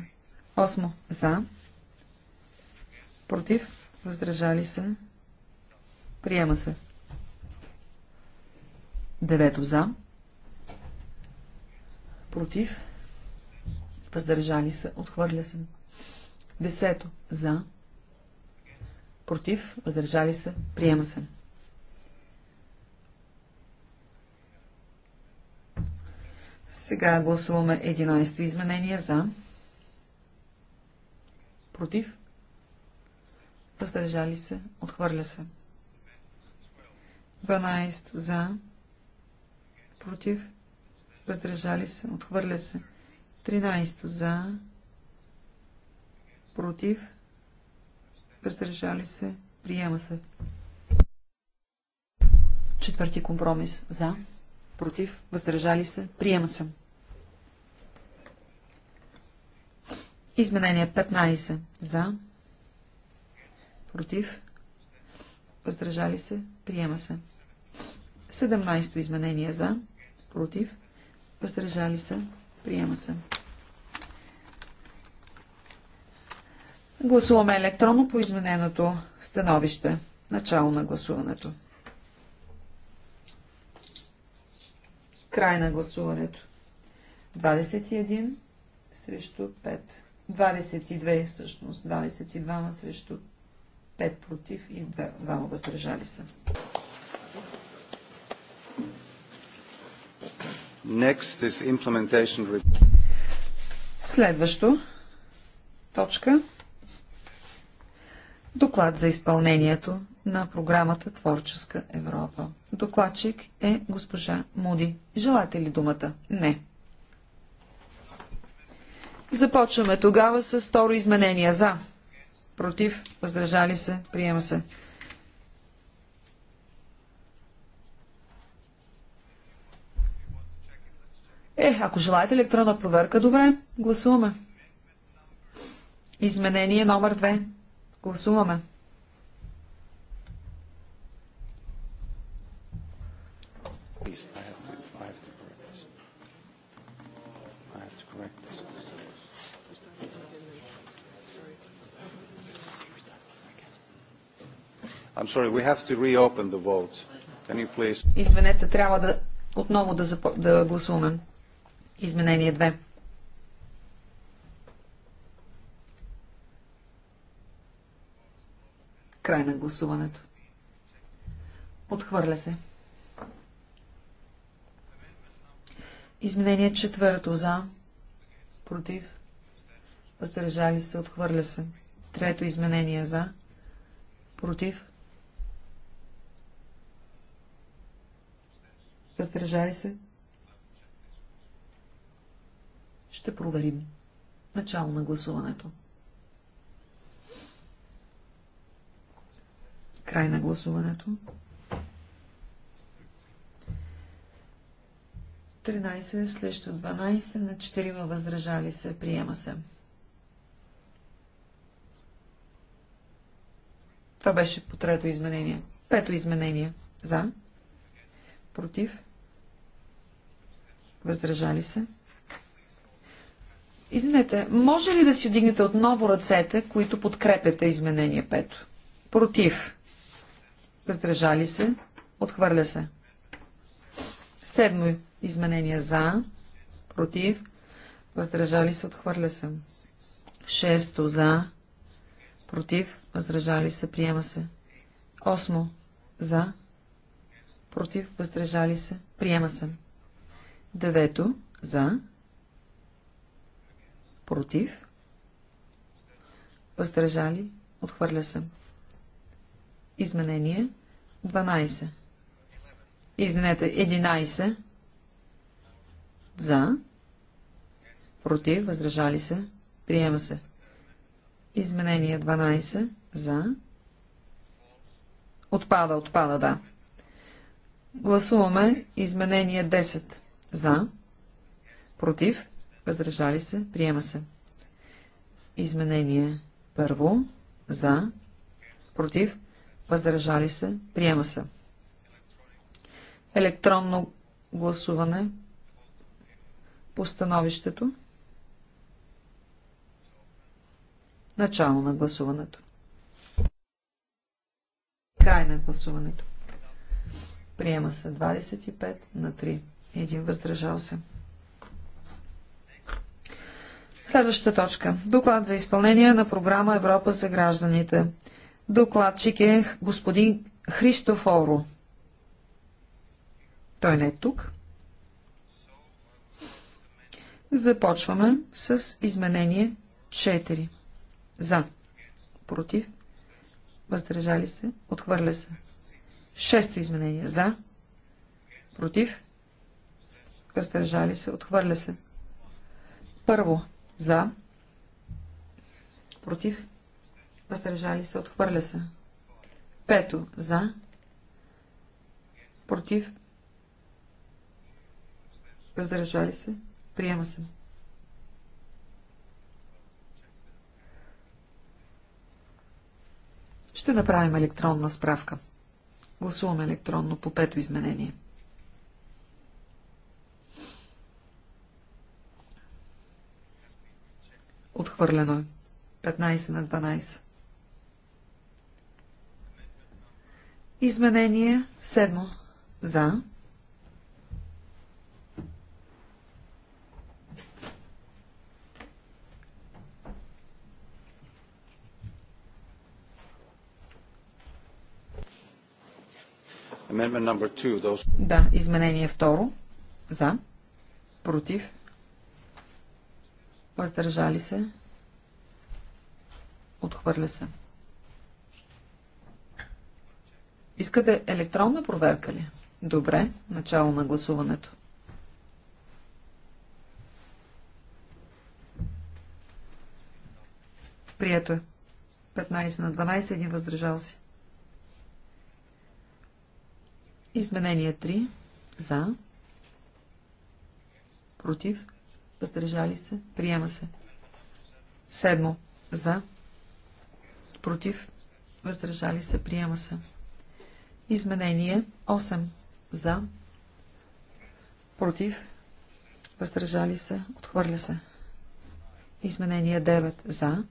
Осмо за. Против. Въздържали се. Приема се. Девето за. Против въздържали се, отхвърля се. Десето за, против, въздържали се, приема се. Сега гласуваме 11-то изменение за, против, въздържали се, отхвърля се. 12 за, против, въздържали се, отхвърля се. 13 за, против, въздържали се, приема се. Четвърти компромис за, против, въздържали се, приема се. Изменение 15 за, против, въздържали се, приема се. 17 изменение за, против, въздържали се, приема се. Гласуваме електронно по измененото становище. Начало на гласуването. Край на гласуването. 21 срещу 5. 22 всъщност. 22 срещу 5 против и 2 въздържали се. Next is implementation... Следващо. Точка. Доклад за изпълнението на програмата Творческа Европа. Докладчик е госпожа Муди. Желате ли думата? Не. Започваме тогава с второ изменение. За. Против. Въздържали се. Приема се. Е, ако желаете електронна проверка, добре. Гласуваме. Изменение номер две. Гласуваме. Извинете, трябва да отново да, да гласуваме. Изменение 2. Край на гласуването. Отхвърля се. Изменение четвърто за. Против. Въздържали се. Отхвърля се. Трето изменение за. Против. Въздържали се. Ще проверим. Начало на гласуването. Край на гласуването. 13 срещу 12 на 4 ма въздържали се. Приема се. Това беше по трето изменение. Пето изменение. За. Против. Въздържали се. Извинете, може ли да си вдигнете отново ръцете, които подкрепяте изменение пето? Против въздържали се, отхвърля се. Седмо изменение за, против, въздържали се, отхвърля се. Шесто за, против, въздържали се, приема се. Осмо за, против, въздържали се, приема се. Девето за, против, въздържали, отхвърля се. Изменение 12. Извинете, 11. За. Против. Въздържали се. Приема се. Изменение 12. За. Отпада, отпада, да. Гласуваме изменение 10. За. Против. Въздържали се. Приема се. Изменение първо. За. Против въздържали се, приема се. Електронно гласуване по становището. Начало на гласуването. Край на гласуването. Приема се 25 на 3. Един въздържал се. Следващата точка. Доклад за изпълнение на програма Европа за гражданите. Докладчик е господин Христофоро. Той не е тук. Започваме с изменение 4. За. Против. Въздържали се. Отхвърля се. Шесто изменение. За. Против. Въздържали се. Отхвърля се. Първо. За. Против въздържали се, отхвърля се. Пето за, против, въздържали се, приема се. Ще направим електронна справка. Гласуваме електронно по пето изменение. Отхвърлено е. 15 на 12. Изменение седмо. За. Да, изменение второ. За. Против. Въздържали се. Отхвърля се. Искате електронна проверка ли? Добре, начало на гласуването. Прието е. 15 на 12, един въздържал се. Изменение 3. За. Против. Въздържали се. Приема се. Седмо. За. Против. Въздържали се. Приема се. Изменение 8. За. Против. Въздържали се. Отхвърля се. Изменение 9. За.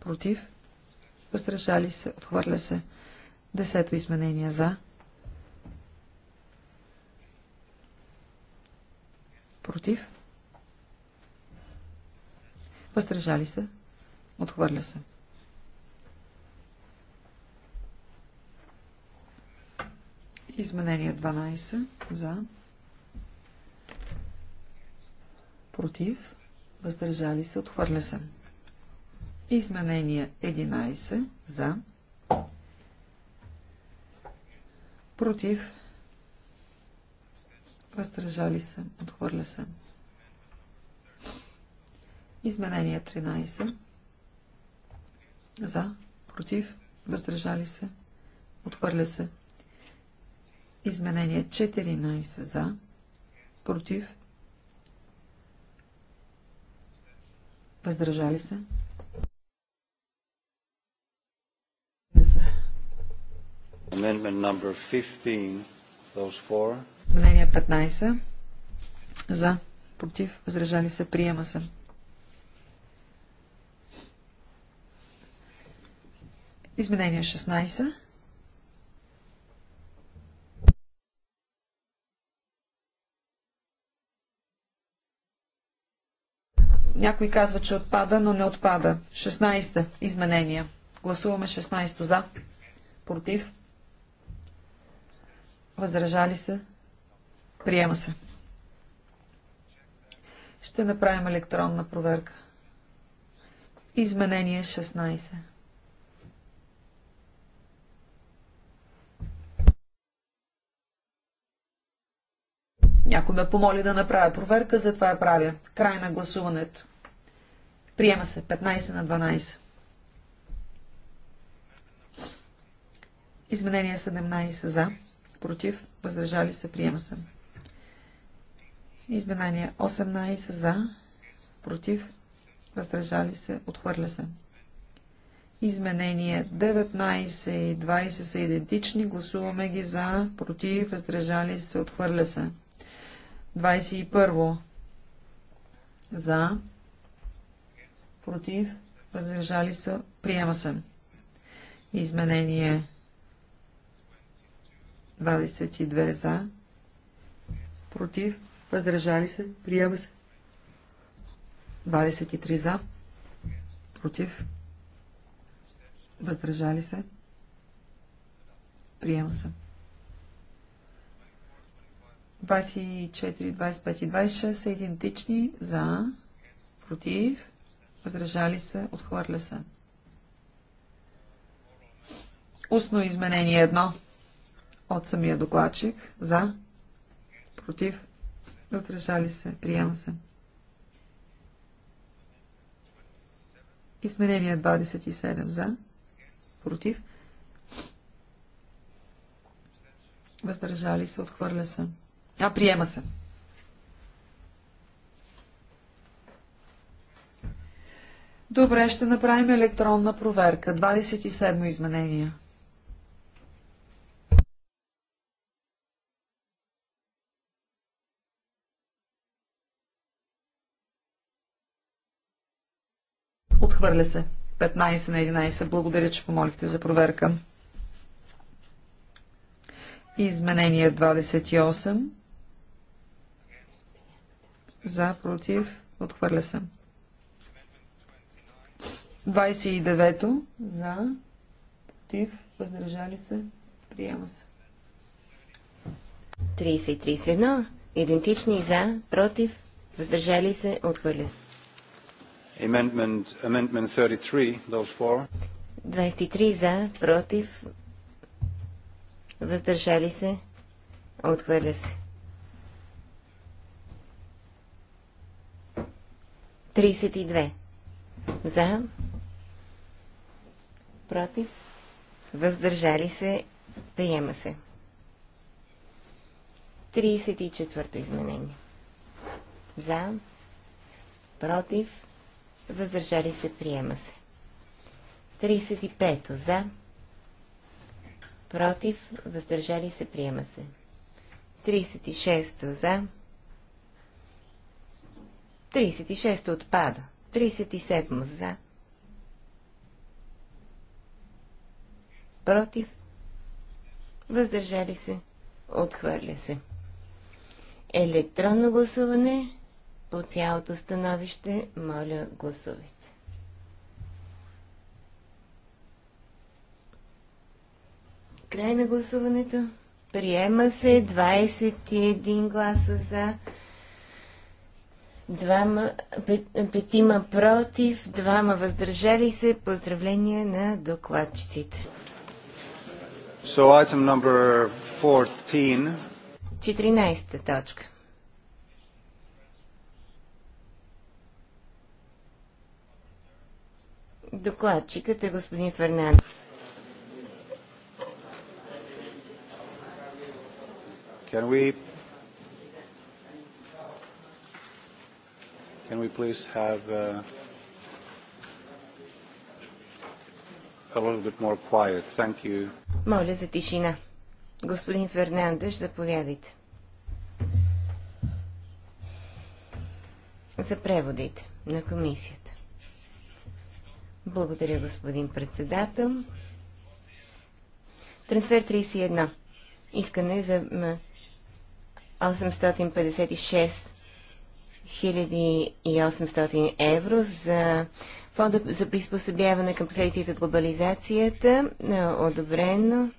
Против. Въздържали се. Отхвърля се. Десето изменение. За. Против. Въздържали се. Отхвърля се. Изменение 12 за. Против. Въздържали се. Отхвърля се. Изменение 11 за. Против. Въздържали се. Отхвърля се. Изменение 13 за. Против. Въздържали се. Отхвърля се. Изменение 14 за, против, въздържали се. Изменение 15 за, против, въздържали се, приема се. Изменение 16. Някой казва, че отпада, но не отпада. 16 изменения. Гласуваме 16 за. Против. Въздържали се. Приема се. Ще направим електронна проверка. Изменение 16. Някой ме помоли да направя проверка, затова я правя. Край на гласуването. Приема се 15 на 12. Изменение 17 за, против, въздържали се, приема се. Изменение 18 за, против, въздържали се, отхвърля се. Изменение 19 и 20 са идентични, гласуваме ги за, против, въздържали се, отхвърля се. 21 за, против, въздържали се, приема се. Изменение 22 за, против, въздържали се, приема се. 23 за, против, въздържали се, приема се. 24, и 26 са идентични за, против, възражали се, отхвърля се. Устно изменение 1 от самия докладчик за, против, въздържали се, приема се. Изменение 27 за, против, въздържали се, отхвърля се. А, приема се. Добре, ще направим електронна проверка. 27 изменения. Отхвърля се. 15 на 11. Благодаря, че помолихте за проверка. Изменение 28 за, против, отхвърля се. 29-то за, против, въздържали се, приема се. 30 31 идентични за, против, въздържали се, отхвърля се. Amendment, amendment 33, those four. 23 за, против, въздържали се, отхвърля се. 32. За. Против. Въздържали се. Приема се. 34 изменение. За. Против. Въздържали се. Приема се. 35. За. Против. Въздържали се. Приема се. 36. За 36 отпада. 37 за. Против. Въздържали се. Отхвърля се. Електронно гласуване по цялото становище. Моля, гласувайте. Край на гласуването. Приема се 21 гласа за, двама, петима против, двама въздържали се. Поздравления на докладчиците. So item number 14. 14 точка. Докладчикът е господин Фернандо. Can we Can we please have uh, a little bit more quiet? Thank you. Моля за тишина. Господин Фернандеш, заповядайте. За преводите на комисията. Благодаря, господин председател. Трансфер 31. Искане за 856 1800 евро за фонда за приспособяване към последиците от глобализацията, одобрено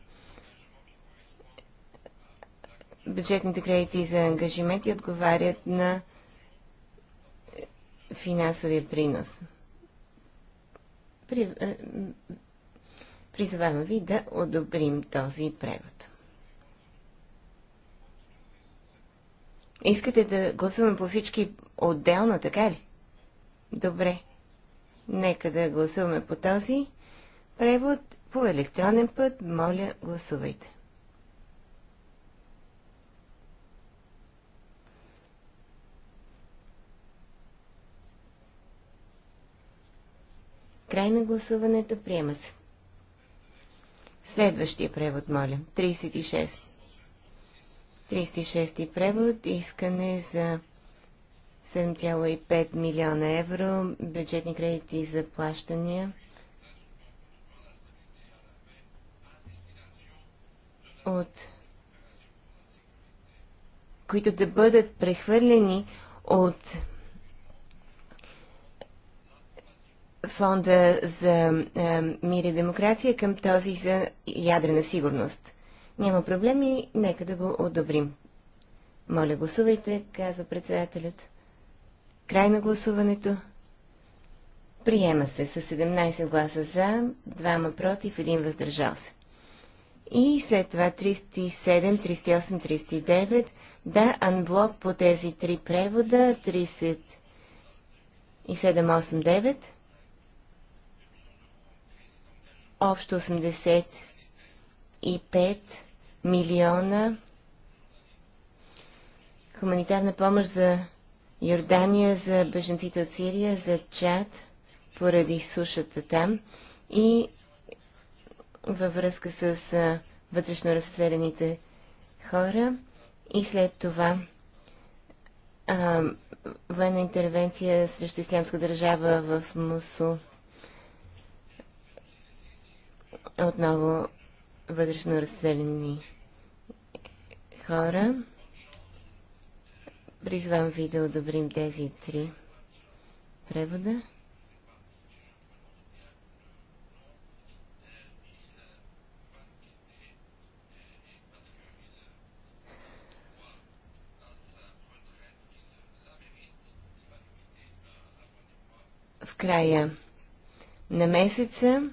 бюджетните кредити за ангажименти отговарят на финансовия принос. призовавам ви да одобрим този превод. Искате да гласуваме по всички отделно, така ли? Добре. Нека да гласуваме по този превод по електронен път. Моля, гласувайте. Край на гласуването приема се. Следващия превод, моля. 36. 36 превод, искане за 7,5 милиона евро, бюджетни кредити за плащания. От които да бъдат прехвърлени от фонда за е, мир и демокрация към този за ядрена сигурност. Няма проблеми, нека да го одобрим. Моля, гласувайте, каза председателят. Край на гласуването. Приема се с 17 гласа за, 2 против, 1 въздържал се. И след това 37, 38, 39, да, анблок по тези три превода, 37, 8, 9, общо 85 милиона хуманитарна помощ за Йордания, за беженците от Сирия, за Чад, поради сушата там и във връзка с вътрешно разстрелените хора и след това а, военна интервенция срещу Ислямска държава в Мусу Отново вътрешно разселени хора. Призвам ви да одобрим тези три превода. В края на месеца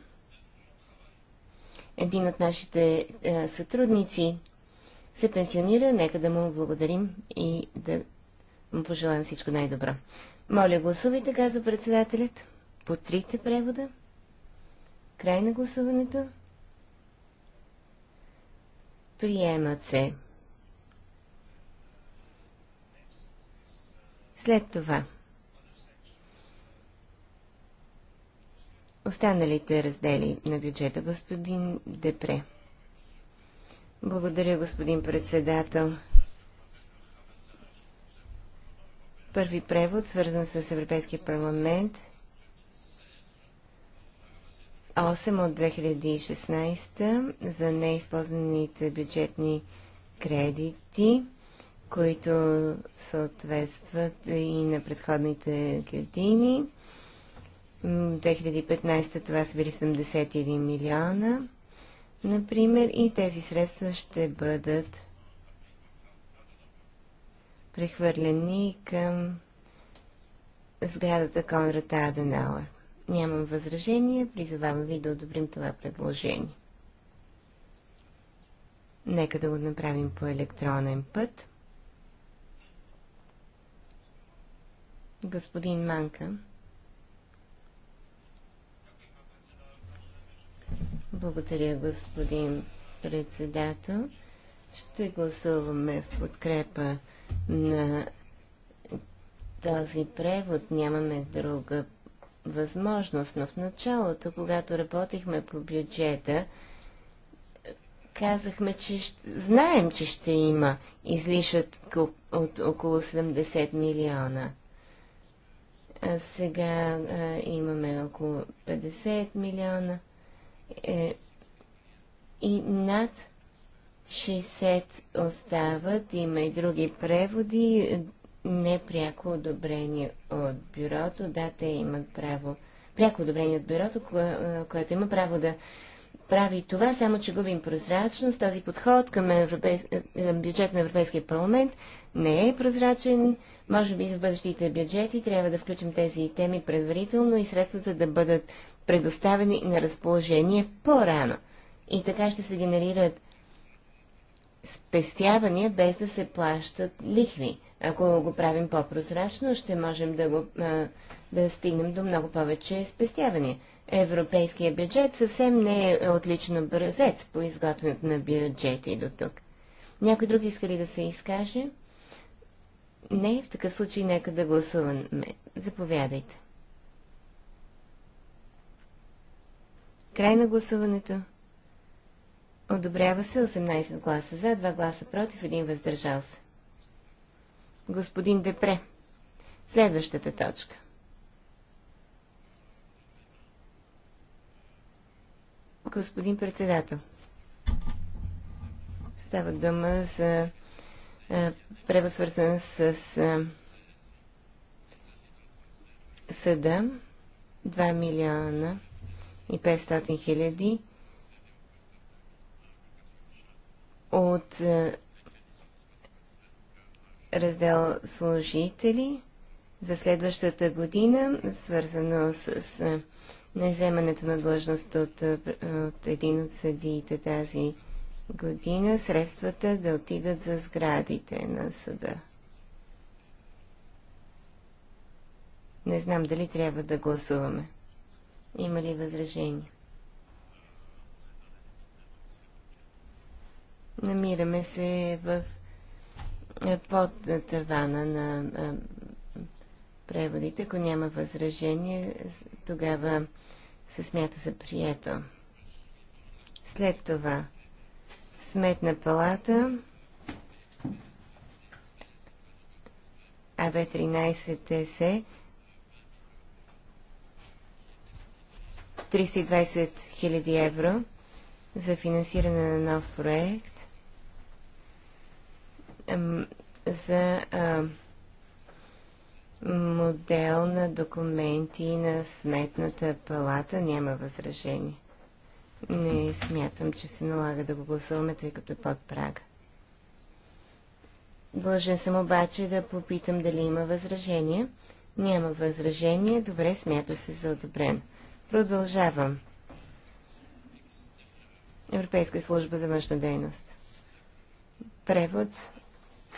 един от нашите е, сътрудници се пенсионира, нека да му благодарим и да му пожелаем всичко най-добро. Моля, гласувайте, за председателят, по трите превода. Край на гласуването. Приемат се. След това. останалите раздели на бюджета. Господин Депре. Благодаря, господин председател. Първи превод, свързан с Европейския парламент. 8 от 2016 за неизползваните бюджетни кредити, които съответстват и на предходните години. 2015 това са били 71 милиона, например, и тези средства ще бъдат прехвърлени към сградата Конрад Аденауер. Нямам възражение, призовавам ви да одобрим това предложение. Нека да го направим по електронен път. Господин Манка. Благодаря, господин председател. Ще гласуваме в подкрепа на този превод. Нямаме друга възможност, но в началото, когато работихме по бюджета, казахме, че знаем, че ще има излишък от около 70 милиона. А сега а, имаме около 50 милиона. Е, и над 60 остават. Има и други преводи, непряко одобрени от бюрото. Да, те имат право, пряко одобрени от бюрото, кое, е, което има право да прави това, само че губим прозрачност. Този подход към, европейс... към е, бюджет на Европейския парламент не е прозрачен. Може би за бъдещите бюджети трябва да включим тези теми предварително и средства, за да бъдат предоставени на разположение по-рано. И така ще се генерират спестявания без да се плащат лихви. Ако го правим по-прозрачно, ще можем да, го, да стигнем до много повече спестявания. Европейския бюджет съвсем не е отлично образец по изготвянето на бюджети до тук. Някой друг иска ли да се изкаже? Не, в такъв случай нека да гласуваме. Заповядайте. Край на гласуването. Одобрява се 18 гласа за, 2 гласа против, 1 въздържал се. Господин Депре. Следващата точка. Господин председател. Става дума за превод свързан с съда. 2 милиона и 500 хиляди от е, раздел служители за следващата година, свързано с, е, наземането на длъжност от, е, от един от съдиите тази година, средствата да отидат за сградите на съда. Не знам дали трябва да гласуваме. Има ли възражение? Намираме се в е, под тавана на е, преводите. Ако няма възражение, тогава се смята за прието. След това Сметна палата АБ-13 ТС 320 000 евро за финансиране на нов проект за модел на документи на сметната палата няма възражение. Не смятам, че се налага да го гласуваме, тъй като е под прага. Длъжен съм обаче да попитам дали има възражение. Няма възражение. Добре, смята се за одобрено. Продължавам. Европейска служба за външна дейност. Превод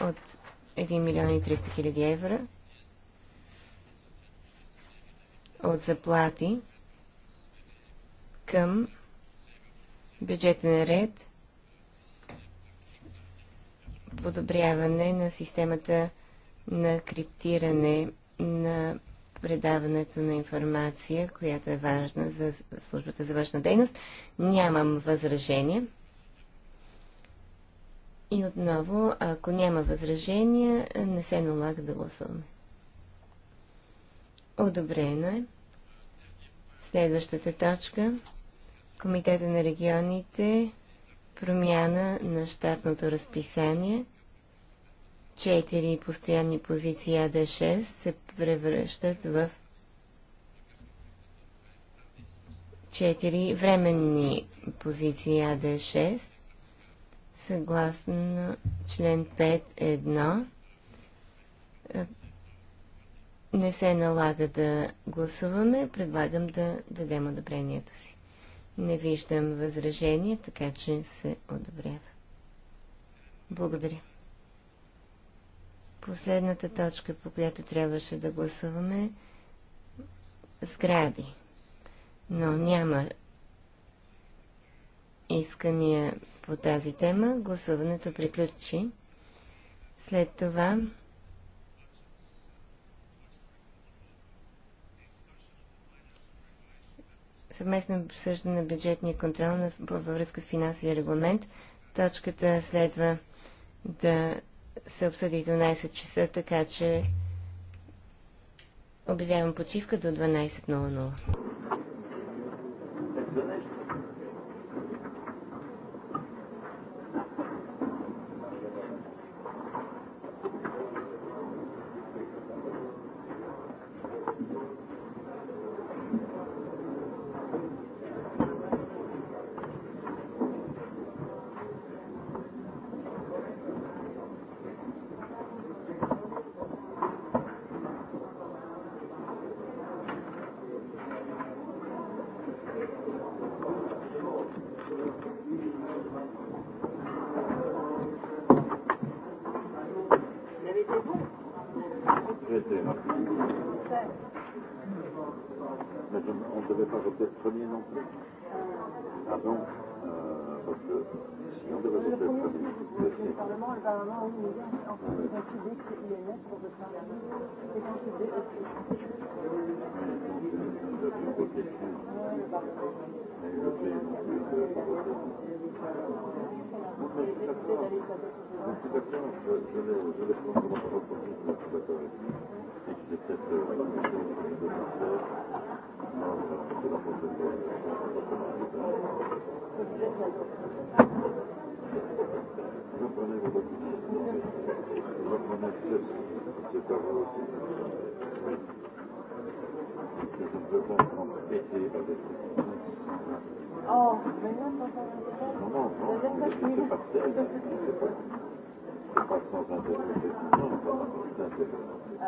от 1 милион и 300 хиляди евро от заплати към бюджетен ред подобряване на системата на криптиране на предаването на информация, която е важна за службата за външна дейност. Нямам възражение. И отново, ако няма възражения, не се налага да гласуваме. Одобрено е. Следващата точка. Комитета на регионите. Промяна на щатното разписание – четири постоянни позиции АД6 се превръщат в четири временни позиции АД6 съгласно член 5.1 не се налага да гласуваме, предлагам да дадем одобрението си. Не виждам възражения, така че се одобрява. Благодаря последната точка, по която трябваше да гласуваме, сгради. Но няма искания по тази тема. Гласуването приключи. След това съвместно обсъждане на бюджетния контрол във връзка с финансовия регламент. Точката следва да се обсъди 12 часа, така че обявявам почивка до 12.00.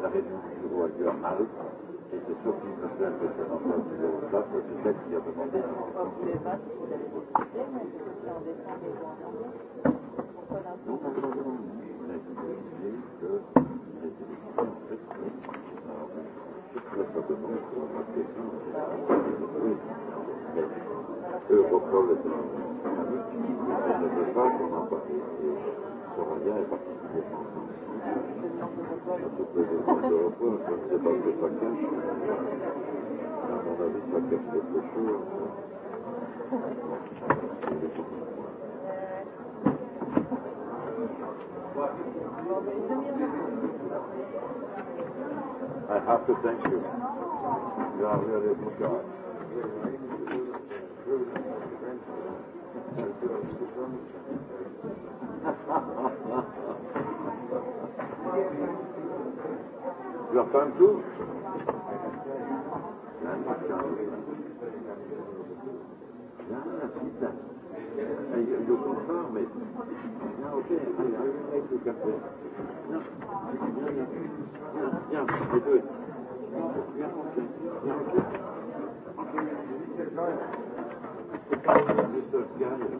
la réunion qui lieu à de que c'est qui a demandé. Je ne sais pas si vous avez mais c'était en décembre et Non, non, non, non. que il veut pas I have to thank you. You are really a good guy. Thank you. Your time too? Yeah, you, Yeah, okay, I, I Yeah, yeah, yeah. Yeah, yeah, okay. Yeah, okay. Mr.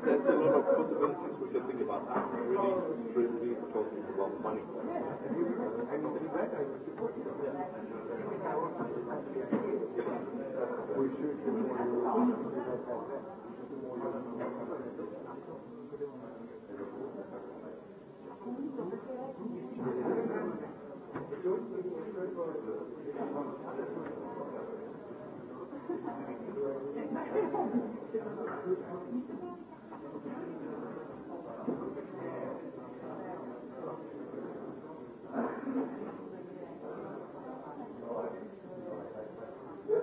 There's a lot of possibilities we think about. really, money. Thank you.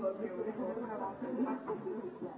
Thank you.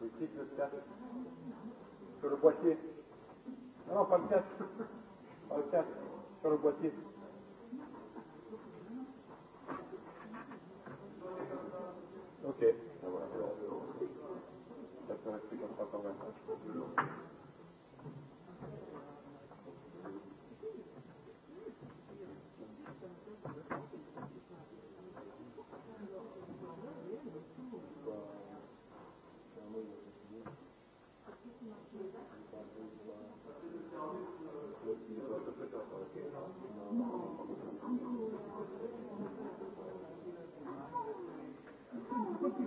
Le titre, le casque. Sur le boîtier. Non, pas le casque. Pas le casque. Sur le boîtier. perché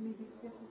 Maybe it's different.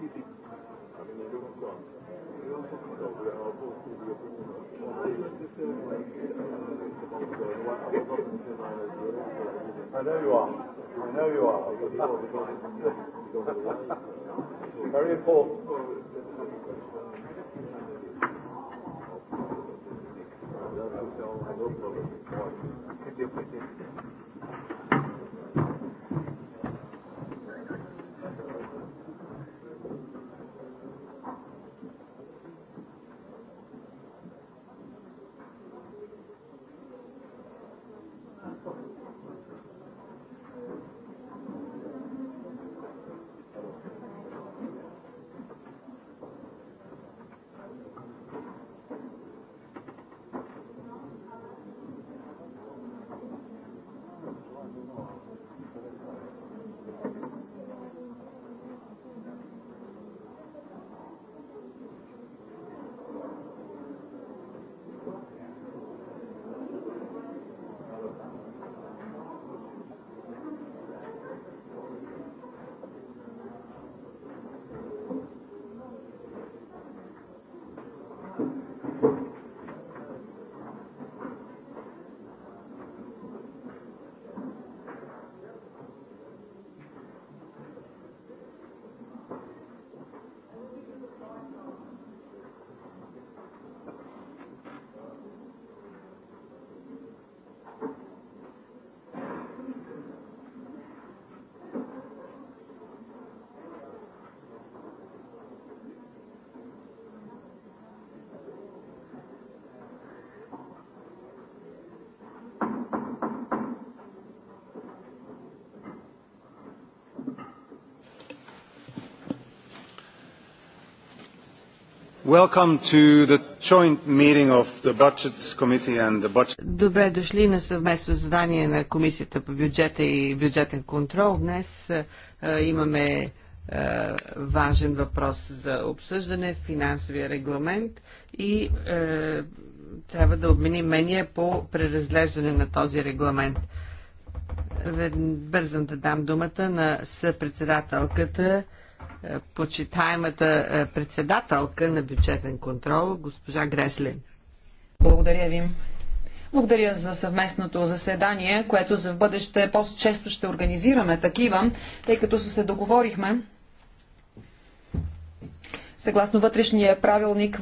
I know you are. I know you are. Very important. Добре дошли на съвместно задание на Комисията по бюджета и бюджетен контрол. Днес е, е, имаме е, важен въпрос за обсъждане, финансовия регламент и трябва да обменим мнение по преразглеждане на този регламент. Бързам да дам думата на съпредседателката председателката е, почитаемата е, председателка на бюджетен контрол, госпожа Греслин. Благодаря ви. Благодаря за съвместното заседание, което за в бъдеще по-често ще организираме такива, тъй като се договорихме съгласно вътрешния правилник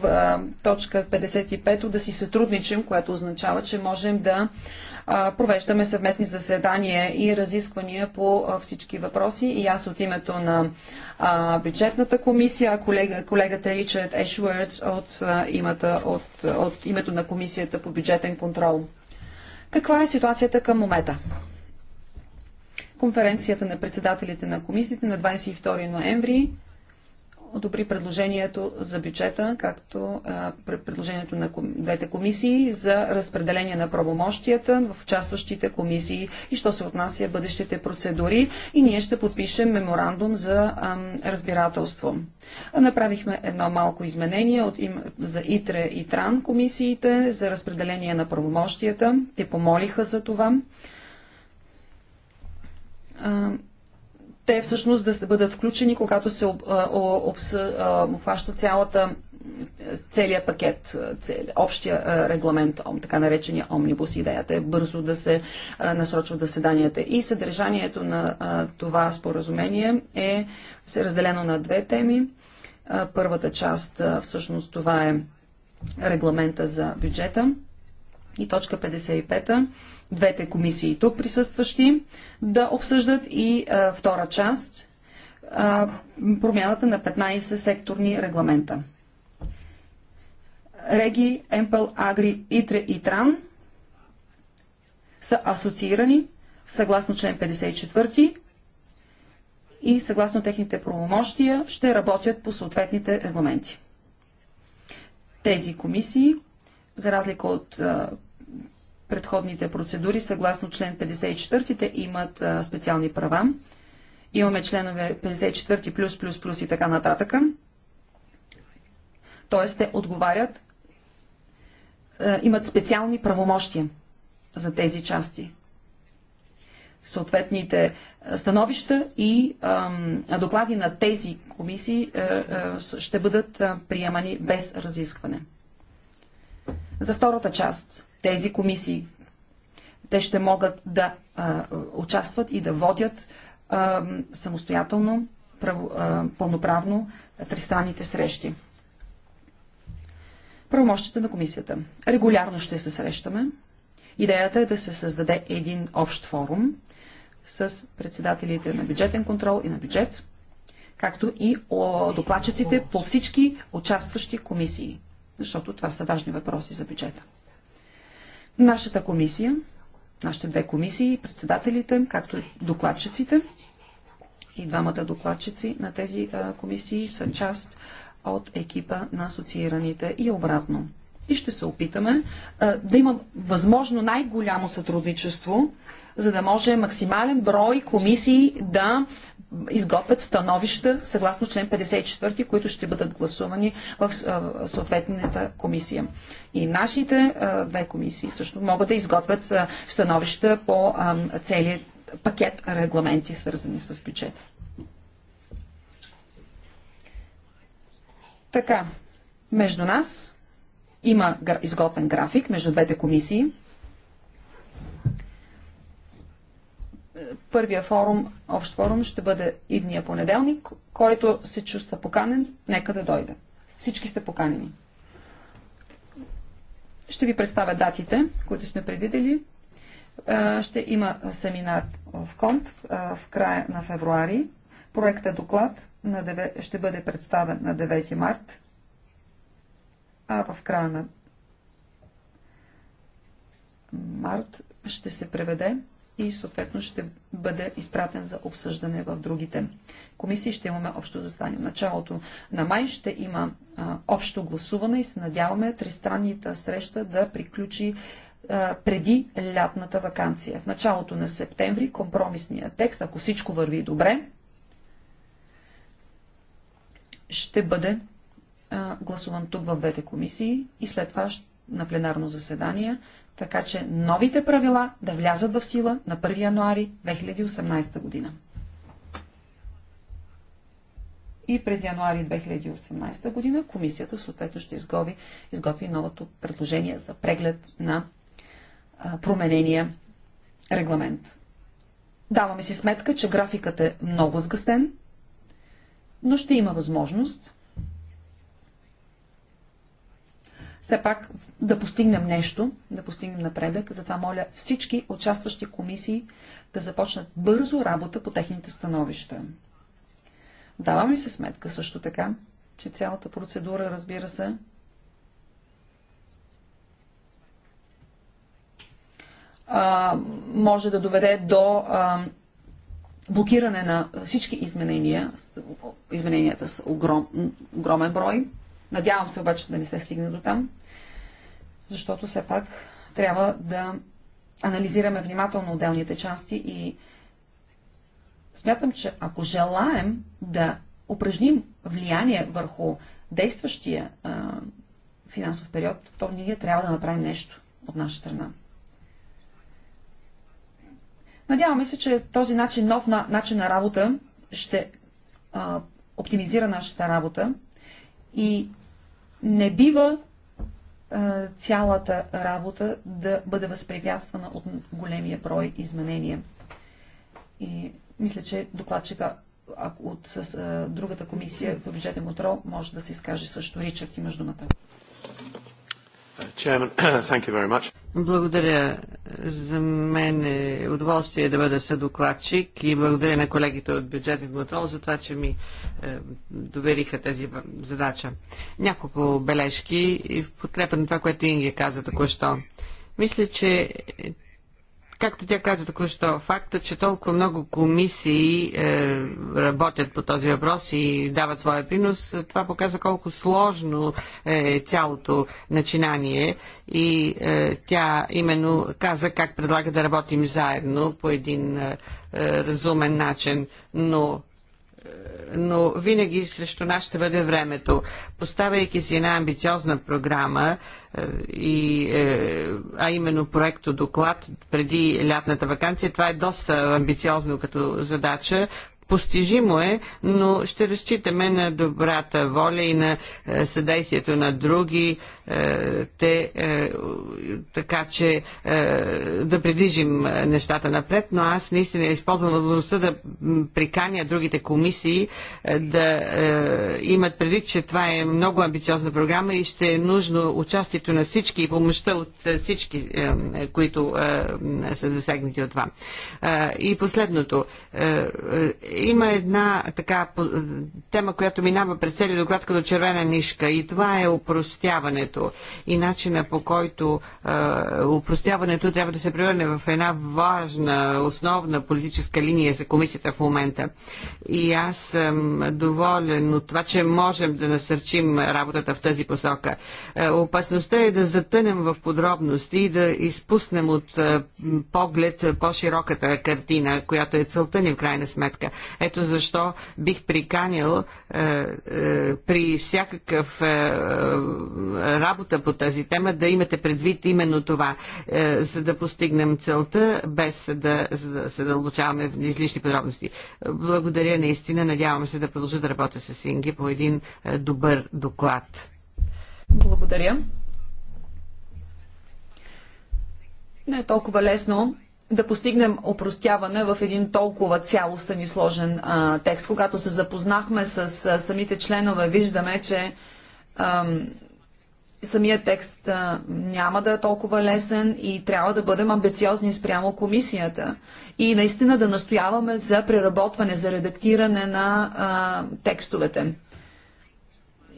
точка 55 да си сътрудничим, което означава, че можем да провеждаме съвместни заседания и разисквания по всички въпроси. И аз от името на бюджетната комисия, колега, колегата Ричард Ешуърдс от, от, от името на комисията по бюджетен контрол. Каква е ситуацията към момента? Конференцията на председателите на комисиите на 22 ноември одобри предложението за бюджета, както предложението на двете комисии за разпределение на правомощията в участващите комисии и що се отнася бъдещите процедури и ние ще подпишем меморандум за разбирателство. Направихме едно малко изменение от за ИТРЕ и ТРАН комисиите за разпределение на правомощията. Те помолиха за това те всъщност да бъдат включени, когато се обхваща цялата целият пакет, цели, общия регламент, така наречения омнибус. Идеята е бързо да се насрочват заседанията. И съдържанието на това споразумение е се разделено на две теми. Първата част, всъщност това е регламента за бюджета и точка 55 двете комисии тук присъстващи да обсъждат и а, втора част а, промяната на 15 секторни регламента. Реги, Емпел, Агри, Итре и Тран са асоциирани съгласно член 54 и съгласно техните правомощия ще работят по съответните регламенти. Тези комисии, за разлика от предходните процедури, съгласно член 54, имат специални права. Имаме членове 54 плюс, плюс, плюс и така нататък. Тоест, те отговарят, имат специални правомощия за тези части. Съответните становища и доклади на тези комисии ще бъдат приемани без разискване. За втората част тези комисии. Те ще могат да а, участват и да водят а, самостоятелно, право, а, пълноправно тристранните срещи. Правомощите на комисията. Регулярно ще се срещаме. Идеята е да се създаде един общ форум с председателите на бюджетен контрол и на бюджет, както и докладчиците по всички участващи комисии, защото това са важни въпроси за бюджета. Нашата комисия, нашите две комисии, председателите, както и докладчиците и двамата докладчици на тези а, комисии са част от екипа на асоциираните и обратно. И ще се опитаме а, да има възможно най-голямо сътрудничество, за да може максимален брой комисии да изготвят становища съгласно член 54, които ще бъдат гласувани в съответната комисия. И нашите две комисии също могат да изготвят становища по целият пакет регламенти, свързани с бюджета. Така, между нас има изготвен график между двете комисии първия форум, общ форум, ще бъде идния понеделник. Който се чувства поканен, нека да дойде. Всички сте поканени. Ще ви представя датите, които сме предвидели. Ще има семинар в Конт в края на февруари. Проектът доклад на 9, ще бъде представен на 9 март, а в края на март ще се преведе и съответно ще бъде изпратен за обсъждане в другите комисии. Ще имаме общо застане. В началото на май ще има а, общо гласуване и се надяваме тристранната среща да приключи а, преди лятната вакансия. В началото на септември компромисният текст, ако всичко върви добре, ще бъде а, гласуван тук в двете комисии и след това ще на пленарно заседание, така че новите правила да влязат в сила на 1 януари 2018 година. И през януари 2018 година комисията съответно ще изготви, изготви новото предложение за преглед на а, променения регламент. Даваме си сметка, че графикът е много сгъстен, но ще има възможност все пак да постигнем нещо, да постигнем напредък. Затова моля всички участващи комисии да започнат бързо работа по техните становища. Давам ли се сметка също така, че цялата процедура, разбира се, а, може да доведе до а, блокиране на всички изменения. Измененията са огром, огромен брой. Надявам се обаче да не се стигне до там, защото все пак трябва да анализираме внимателно отделните части и смятам, че ако желаем да упражним влияние върху действащия а, финансов период, то ние трябва да направим нещо от наша страна. Надяваме се, че този начин, нов на, начин на работа ще а, оптимизира нашата работа и не бива цялата работа да бъде възпрепятствана от големия брой изменения. И мисля, че докладчика ако от с, другата комисия по бюджетен контрол може да се изкаже също. Ричард, имаш думата. Благодаря. За мен е удоволствие да бъда съдокладчик и благодаря на колегите от бюджетен контрол за това, че ми е, довериха тази задача. Няколко бележки и в подкрепа на това, което Инги каза току-що. Мисля, че Както тя каза току-що, факта, че толкова много комисии е, работят по този въпрос и дават своя принос, това показва колко сложно е цялото начинание и е, тя именно каза как предлага да работим заедно по един е, разумен начин, но но винаги срещу нас ще бъде времето. Поставяйки си една амбициозна програма, е, и, е, а именно проекто доклад преди лятната вакансия, това е доста амбициозно като задача. Постижимо е, но ще разчитаме на добрата воля и на е, съдействието на други, е, те, е, така че да придвижим нещата напред, но аз наистина използвам възможността да приканя другите комисии да имат предвид, че това е много амбициозна програма и ще е нужно участието на всички и помощта от всички, които са засегнати от това. И последното има една така тема, която минава през целия доклад като червена нишка и това е упростяването и начина по който е, упростяването трябва да се превърне в една важна, основна политическа линия за комисията в момента. И аз съм доволен от това, че можем да насърчим работата в тази посока. Е, опасността е да затънем в подробности и да изпуснем от е, поглед по-широката картина, която е целта ни в крайна сметка. Ето защо бих приканил е, е, при всякакъв е, работа по тази тема да имате предвид именно това, за да постигнем целта, без да се да, в излишни подробности. Благодаря наистина. Надявам се да продължа да работя с Инги по един добър доклад. Благодаря. Не е толкова лесно да постигнем опростяване в един толкова цялостен и сложен а, текст. Когато се запознахме с а, самите членове, виждаме, че ам, самият текст а, няма да е толкова лесен и трябва да бъдем амбициозни спрямо комисията. И наистина да настояваме за преработване, за редактиране на а, текстовете.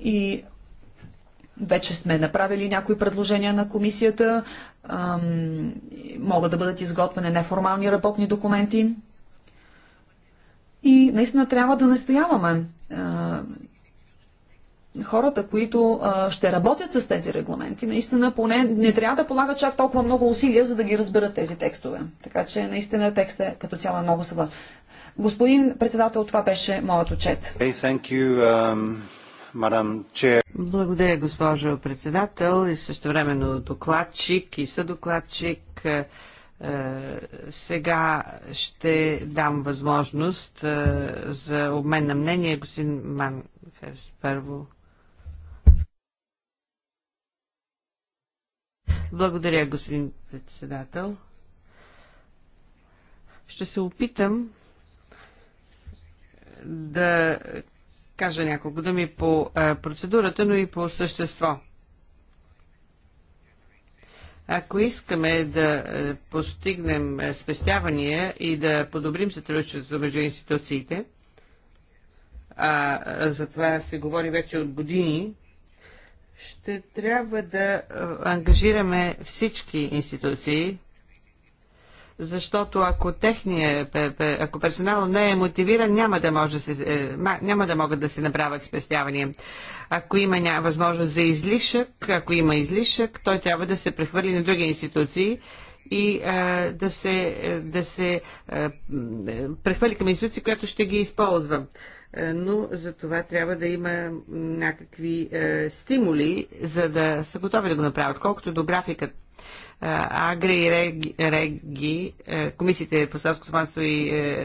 И вече сме направили някои предложения на комисията. Могат да бъдат изготвени неформални работни документи. И наистина трябва да настояваме хората, които ще работят с тези регламенти, наистина поне не трябва да полагат чак толкова много усилия, за да ги разберат тези текстове. Така че наистина текстът е като цяло много съгласен. Господин председател, това беше моят отчет. thank you, um... Благодаря, госпожо председател и също времено докладчик и съдокладчик. Е, е, сега ще дам възможност е, за обмен на мнение. Господин Манферс, първо. Благодаря, господин председател. Ще се опитам да кажа няколко думи по е, процедурата, но и по същество. Ако искаме да е, постигнем е, спестявания и да подобрим сътрудничеството между институциите, а за това се говори вече от години, ще трябва да ангажираме всички институции, защото ако техния, ако персонал не е мотивиран, няма да, може се, е, няма да могат да се направят спестявания. Ако има възможност за излишък, ако има излишък, той трябва да се прехвърли на други институции и а, да се, е, да се а, е, прехвърли към институция, която ще ги използва. Но за това трябва да има някакви е, стимули, за да са готови да го направят. Колкото до графикът Агри и Реги, Реги е, комисиите по селско стопанство и е,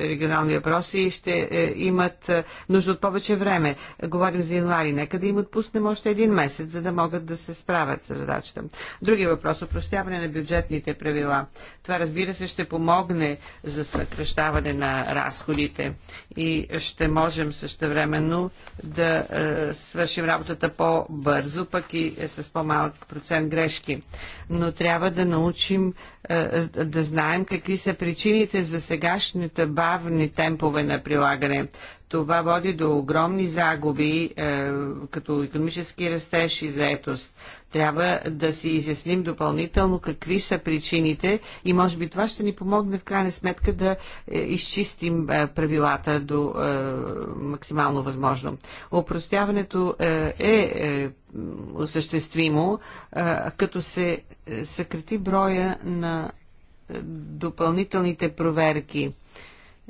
регионални въпроси ще е, имат нужда от повече време. Говорим за януари. Нека да им отпуснем още един месец, за да могат да се справят с задачата. Други въпрос. Опростяване на бюджетните правила. Това разбира се ще помогне за съкръщаване на разходите и ще можем същевременно да свършим работата по-бързо, пък и с по-малък процент грешки но трябва да научим е, е, да знаем какви са причините за сегашните бавни темпове на прилагане това води до огромни загуби е, като економически растеж и заетост. Трябва да си изясним допълнително какви са причините и може би това ще ни помогне в крайна сметка да е, изчистим е, правилата до е, максимално възможно. Опростяването е, е, е осъществимо, е, като се съкрати броя на допълнителните проверки –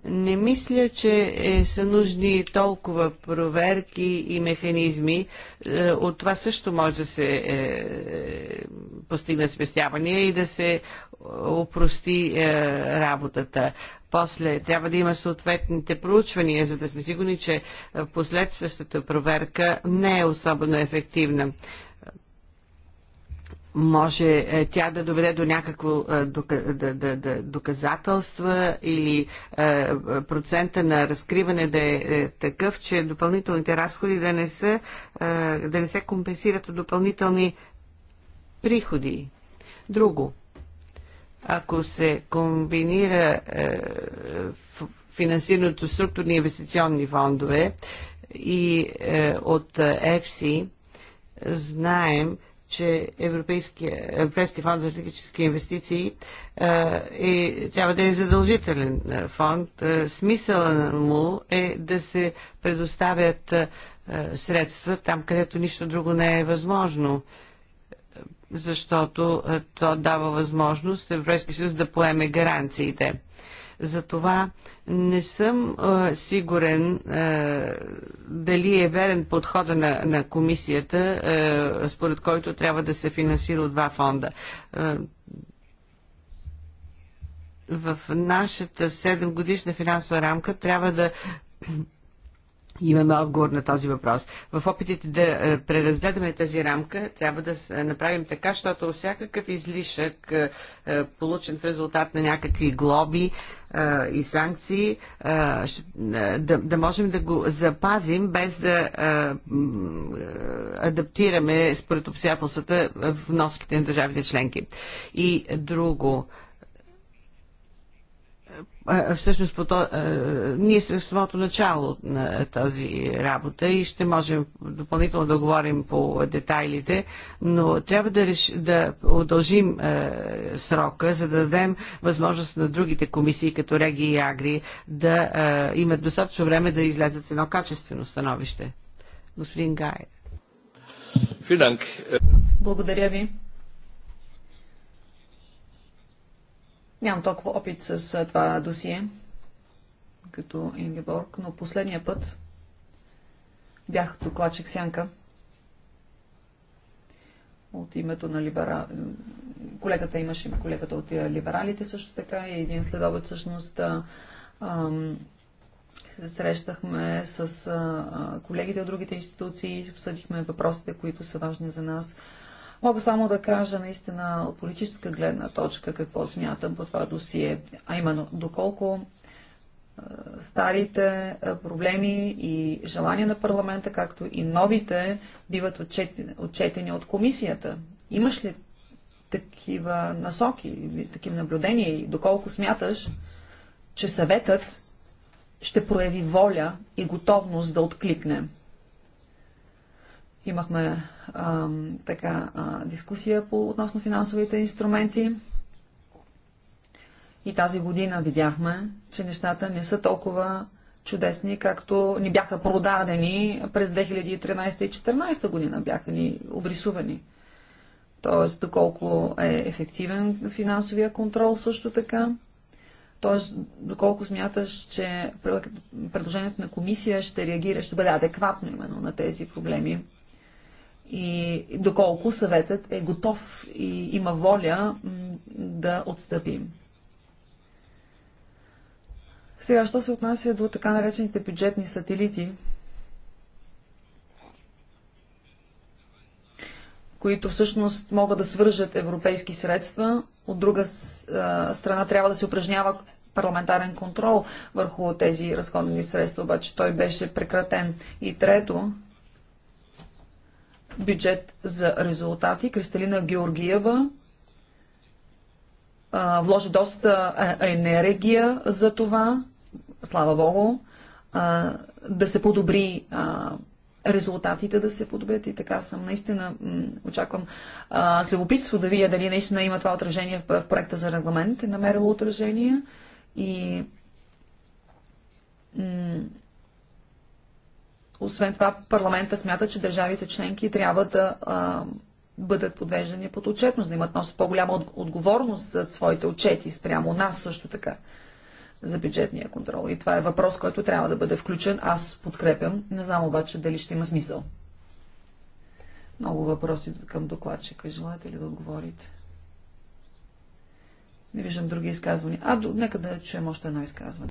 не мисля, че е, са нужни толкова проверки и механизми. Е, от това също може да се е, е постигне спестявания и да се опрости е, е, работата. После трябва да има съответните проучвания, за да сме сигурни, че е, последстващата проверка не е особено ефективна може е, тя да доведе до някакво е, доказателство доказателства или е, процента на разкриване да е, такъв, че допълнителните разходи да не, са, да не се компенсират от допълнителни приходи. Друго, ако се комбинира финансирането структурни инвестиционни фондове и от ЕФСИ, знаем, че Европейския, Европейския фонд за стратегически инвестиции е, трябва да е задължителен фонд. Смисъла му е да се предоставят средства там, където нищо друго не е възможно защото то дава възможност Европейския съюз да поеме гаранциите. Затова не съм а, сигурен а, дали е верен подхода на, на комисията, а, според който трябва да се финансира от два фонда. А, в нашата 7 годишна финансова рамка трябва да имаме отговор на този въпрос. В опитите да е, преразгледаме тази рамка, трябва да направим така, защото всякакъв излишък, е, е, получен в резултат на някакви глоби и санкции, да, да можем да го запазим, без да адаптираме според обстоятелствата вноските на държавите членки. И друго, всъщност по то, ние сме в самото начало на тази работа и ще можем допълнително да говорим по детайлите, но трябва да, реш, да удължим е, срока, за да дадем възможност на другите комисии, като Реги и Агри, да е, имат достатъчно време да излезат с едно качествено становище. Господин Гай. Благодаря ви. Нямам толкова опит с това досие, като Ингеборг, но последния път бях докладчик Сянка от името на либера... Колегата имаше колегата от либералите също така и един следобед всъщност ам, се срещахме с а, колегите от другите институции, обсъдихме въпросите, които са важни за нас. Мога само да кажа наистина от политическа гледна точка какво смятам по това досие, а именно доколко старите проблеми и желания на парламента, както и новите, биват отчетени, отчетени от комисията. Имаш ли такива насоки, такива наблюдения и доколко смяташ, че съветът ще прояви воля и готовност да откликне? Имахме а, така а, дискусия по относно финансовите инструменти. И тази година видяхме, че нещата не са толкова чудесни, както ни бяха продадени през 2013 и 2014 година, бяха ни обрисувани. Тоест, доколко е ефективен финансовия контрол също така. Тоест, доколко смяташ, че предложението на комисия ще реагира, ще бъде адекватно именно на тези проблеми и доколко съветът е готов и има воля да отстъпим. Сега, що се отнася до така наречените бюджетни сателити, които всъщност могат да свържат европейски средства, от друга страна трябва да се упражнява парламентарен контрол върху тези разходени средства, обаче той беше прекратен. И трето, бюджет за резултати. Кристалина Георгиева а, вложи доста енергия за това, слава Богу, а, да се подобри а, резултатите да се подобрят и така съм. Наистина очаквам а, с любопитство да видя дали наистина има това отражение в, в проекта за регламент, е намерило отражение и освен това, парламента смята, че държавите членки трябва да а, бъдат подвеждани под отчетност, да имат носят по-голяма отговорност за своите отчети спрямо нас също така за бюджетния контрол. И това е въпрос, който трябва да бъде включен. Аз подкрепям. Не знам обаче дали ще има смисъл. Много въпроси към докладчика. Желаете ли да отговорите? Не виждам други изказвания. А, до... нека да чуем още едно изказване.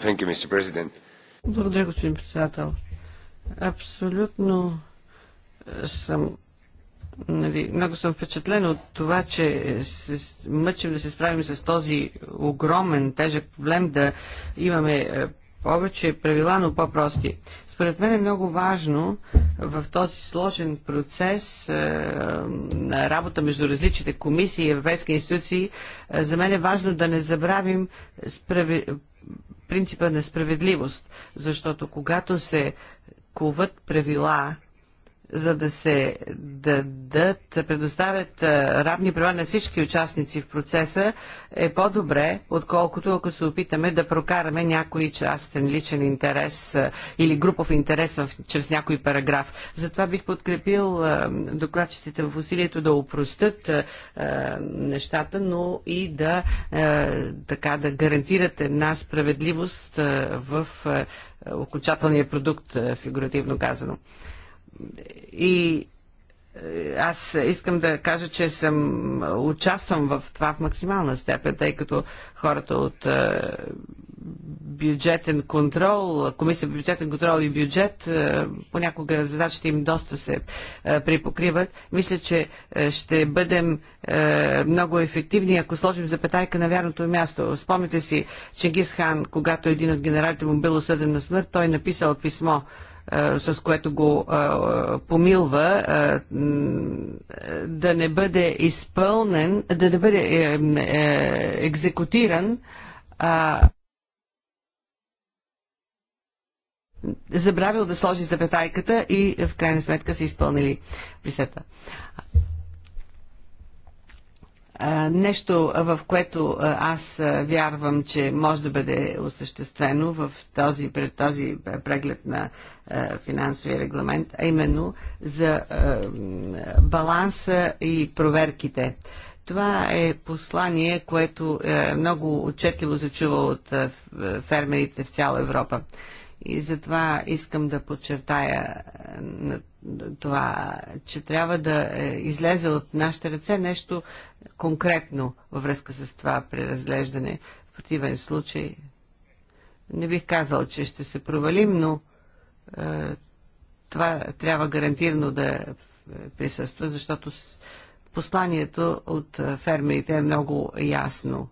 Thank you, Mr. President. Благодаря, господин председател. Абсолютно е, съм нали, много съм впечатлен от това, че се мъчим да се справим с този огромен, тежък проблем, да имаме е, повече правила, но по-прости. Според мен е много важно в този сложен процес е, на работа между различните комисии и европейски институции, за мен е важно да не забравим справедливо принципа на справедливост, защото когато се куват правила, за да се дадат, предоставят равни права на всички участници в процеса, е по-добре, отколкото ако се опитаме да прокараме някой частен личен интерес или групов интерес в, чрез някой параграф. Затова бих подкрепил докладчетите в усилието да упростят нещата, но и да, така, да гарантират една справедливост в окончателния продукт, фигуративно казано и е, аз искам да кажа, че съм участвам в това в максимална степен, тъй като хората от е, бюджетен контрол, комисия по бюджетен контрол и бюджет, е, понякога задачите им доста се припокриват. Мисля, че ще бъдем много ефективни, ако сложим запетайка на вярното място. Спомните си Ченгис Хан, когато един от генералите му бил осъден на смърт, той написал писмо с което го помилва, да не бъде изпълнен, да не бъде е, е, екзекутиран, забравил да сложи запетайката и в крайна сметка са изпълнили присета нещо, в което аз вярвам, че може да бъде осъществено в този, пред този преглед на финансовия регламент, а именно за баланса и проверките. Това е послание, което е много отчетливо зачува от фермерите в цяла Европа. И затова искам да подчертая на това, че трябва да е, излезе от нашите ръце нещо конкретно във връзка с това преразглеждане. В противен случай не бих казал, че ще се провалим, но е, това трябва гарантирано да е, присъства, защото посланието от фермерите е много ясно.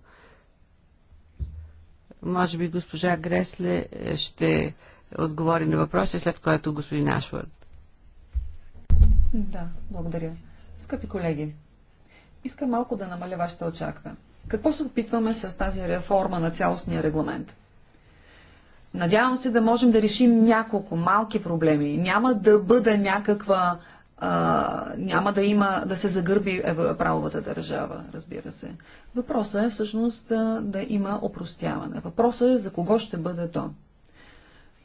Може би госпожа Гресле ще отговори на въпроса, след което господин Ашвард. Да, благодаря. Скъпи колеги, искам малко да намаля вашите очаквания. Какво се опитваме с тази реформа на цялостния регламент? Надявам се да можем да решим няколко малки проблеми. Няма да бъде някаква. А, няма да има. да се загърби правовата държава, разбира се. Въпросът е всъщност да, да има опростяване. Въпросът е за кого ще бъде то.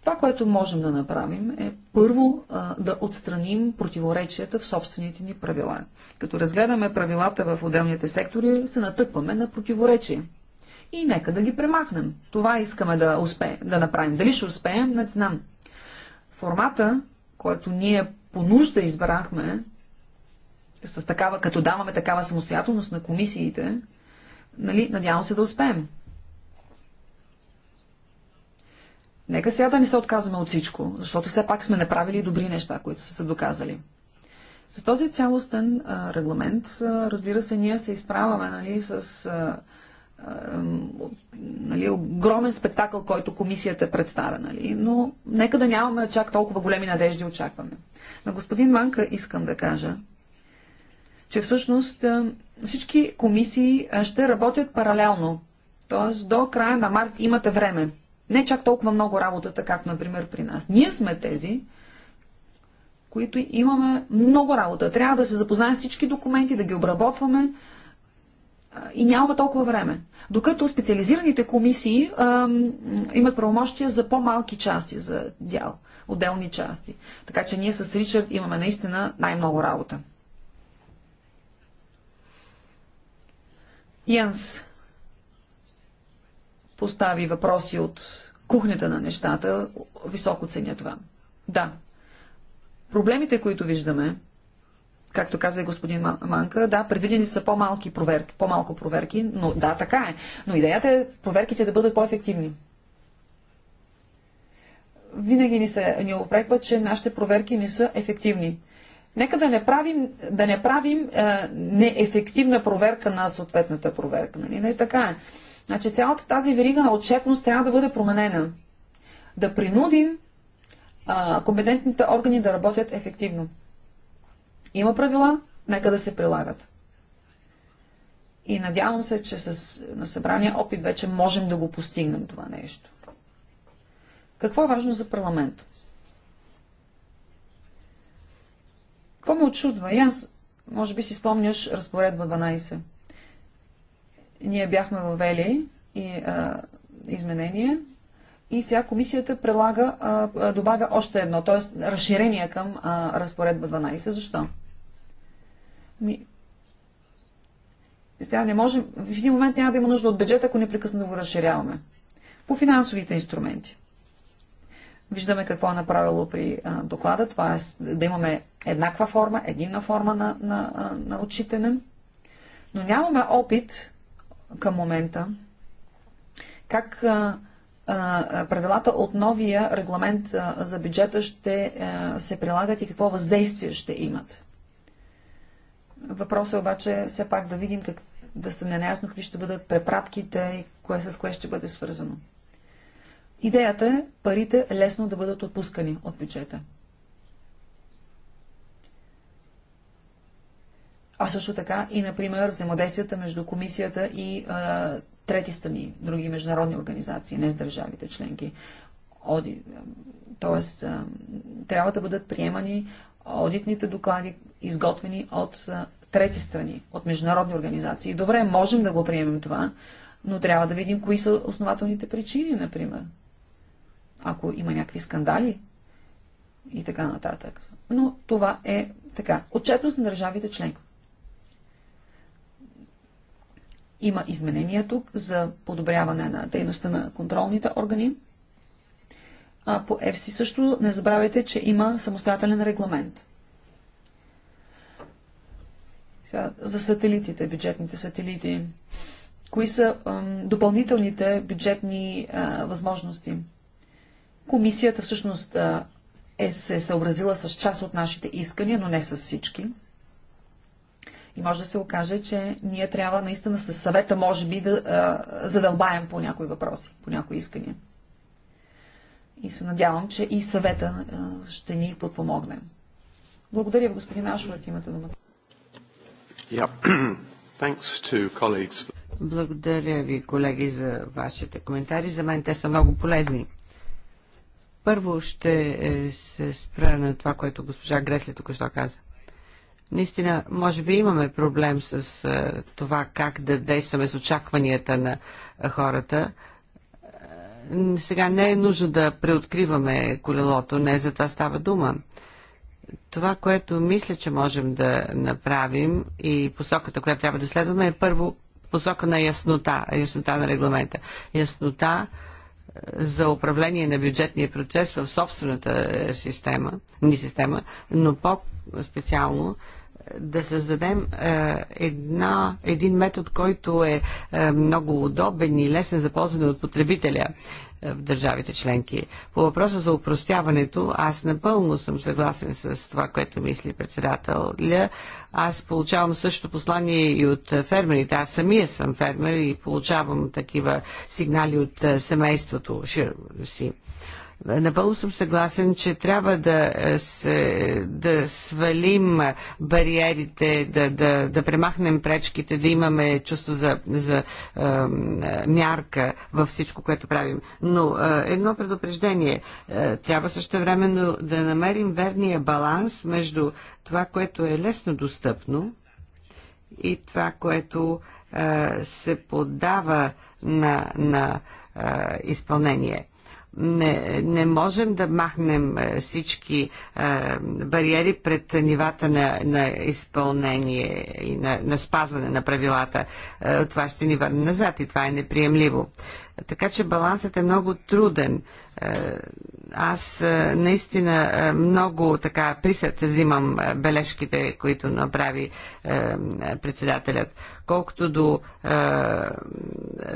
Това, което можем да направим е първо а, да отстраним противоречията в собствените ни правила. Като разгледаме правилата в отделните сектори, се натъкваме на противоречия. И нека да ги премахнем. Това искаме да, успе, да направим. Дали ще успеем, не знам. Формата, който ние по нужда избрахме, с такава, като даваме такава самостоятелност на комисиите, нали, надявам се да успеем. Нека сега да не се отказваме от всичко, защото все пак сме направили добри неща, които са се доказали. С този цялостен а, регламент, а, разбира се, ние се изправяме нали, с а, а, нали, огромен спектакъл, който комисията представя. Нали, но нека да нямаме чак толкова големи надежди очакваме. На господин Манка искам да кажа, че всъщност всички комисии ще работят паралелно. Тоест до края на март имате време не чак толкова много работата, както например, при нас. Ние сме тези, които имаме много работа. Трябва да се запознаем с всички документи, да ги обработваме и нямаме толкова време. Докато специализираните комисии а, имат правомощия за по-малки части, за дял, отделни части. Така че ние с Ричард имаме наистина най-много работа. Янс, постави въпроси от кухнята на нещата, високо ценя това. Да. Проблемите, които виждаме, както каза и господин Манка, да, предвидени са по-малки проверки, по-малко проверки, но да, така е. Но идеята е проверките да бъдат по-ефективни. Винаги ни се ни опреква, че нашите проверки не са ефективни. Нека да не правим, да не правим е, неефективна проверка на съответната проверка. Нали? Не така е. Значи цялата тази верига на отчетност трябва да бъде променена. Да принудим а, компетентните органи да работят ефективно. Има правила, нека да се прилагат. И надявам се, че с, на събрания опит вече можем да го постигнем това нещо. Какво е важно за парламент? Какво ме очудва? И аз, може би си спомняш разпоредба 12. Ние бяхме въвели и, а, изменение и сега комисията прилага, а, добавя още едно, т.е. разширение към а, разпоредба 12. Защо? Ми... Сега не можем, в един момент няма да има нужда от бюджета, ако непрекъснато го разширяваме. По финансовите инструменти. Виждаме какво е направило при а, доклада. Това е да имаме еднаква форма, единна форма на, на, на, на отчитане. Но нямаме опит към момента, как правилата от новия регламент за бюджета ще се прилагат и какво въздействие ще имат. Въпросът е обаче все пак да видим как, да съм наясно какви ще бъдат препратките и кое с кое ще бъде свързано. Идеята е парите лесно да бъдат отпускани от бюджета. а също така и, например, взаимодействията между комисията и а, трети страни, други международни организации, не с държавите членки. Оди, тоест, а, трябва да бъдат приемани одитните доклади, изготвени от а, трети страни, от международни организации. Добре, можем да го приемем това, но трябва да видим кои са основателните причини, например. Ако има някакви скандали и така нататък. Но това е така. Отчетност на държавите членки. Има изменения тук за подобряване на дейността на контролните органи. А по ЕФСИ също не забравяйте, че има самостоятелен регламент. Сега, за сателитите, бюджетните сателити. Кои са ъм, допълнителните бюджетни а, възможности? Комисията всъщност а, е се съобразила с част от нашите искания, но не с всички. И може да се окаже, че ние трябва наистина с съвета, може би, да а, задълбаем по някои въпроси, по някои искания. И се надявам, че и съвета а, ще ни подпомогне. Благодаря, господин Ашвард, имате думата. Yeah. Благодаря ви, колеги, за вашите коментари. За мен те са много полезни. Първо ще е, се спра на това, което госпожа Гресли тук що каза. Наистина, може би имаме проблем с е, това как да действаме с очакванията на е, хората. Е, сега не е нужно да преоткриваме колелото, не за това става дума. Това, което мисля, че можем да направим и посоката, която трябва да следваме, е първо посока на яснота, яснота на регламента. Яснота за управление на бюджетния процес в собствената система, ни система, но по-специално да създадем е, една, един метод, който е, е много удобен и лесен за ползване от потребителя е, в държавите членки. По въпроса за упростяването, аз напълно съм съгласен с това, което мисли председателя. Аз получавам също послание и от фермерите. Аз самия съм фермер и получавам такива сигнали от е, семейството си. Напълно съм съгласен, че трябва да, е, се, да свалим бариерите, да, да, да премахнем пречките, да имаме чувство за, за е, мярка във всичко, което правим. Но е, едно предупреждение. Е, трябва също време да намерим верния баланс между това, което е лесно достъпно и това, което е, се поддава на, на е, изпълнение не, не можем да махнем е, всички е, бариери пред нивата на, на изпълнение и на, на спазване на правилата. Е, това ще ни върне назад и това е неприемливо. Така че балансът е много труден. Е, аз е, наистина е, много така при сърце взимам бележките, които направи председателят. Колкото до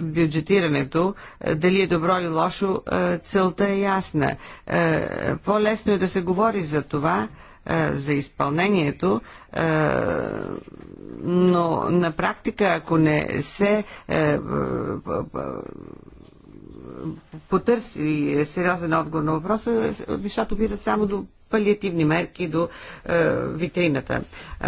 бюджетирането, дали е добро или лошо, целта е ясна. По-лесно е да се говори за това, за изпълнението, но на практика, ако не се потърси сериозен отговор на въпроса, нещата обират само до палиативни мерки, до е, витрината. Е,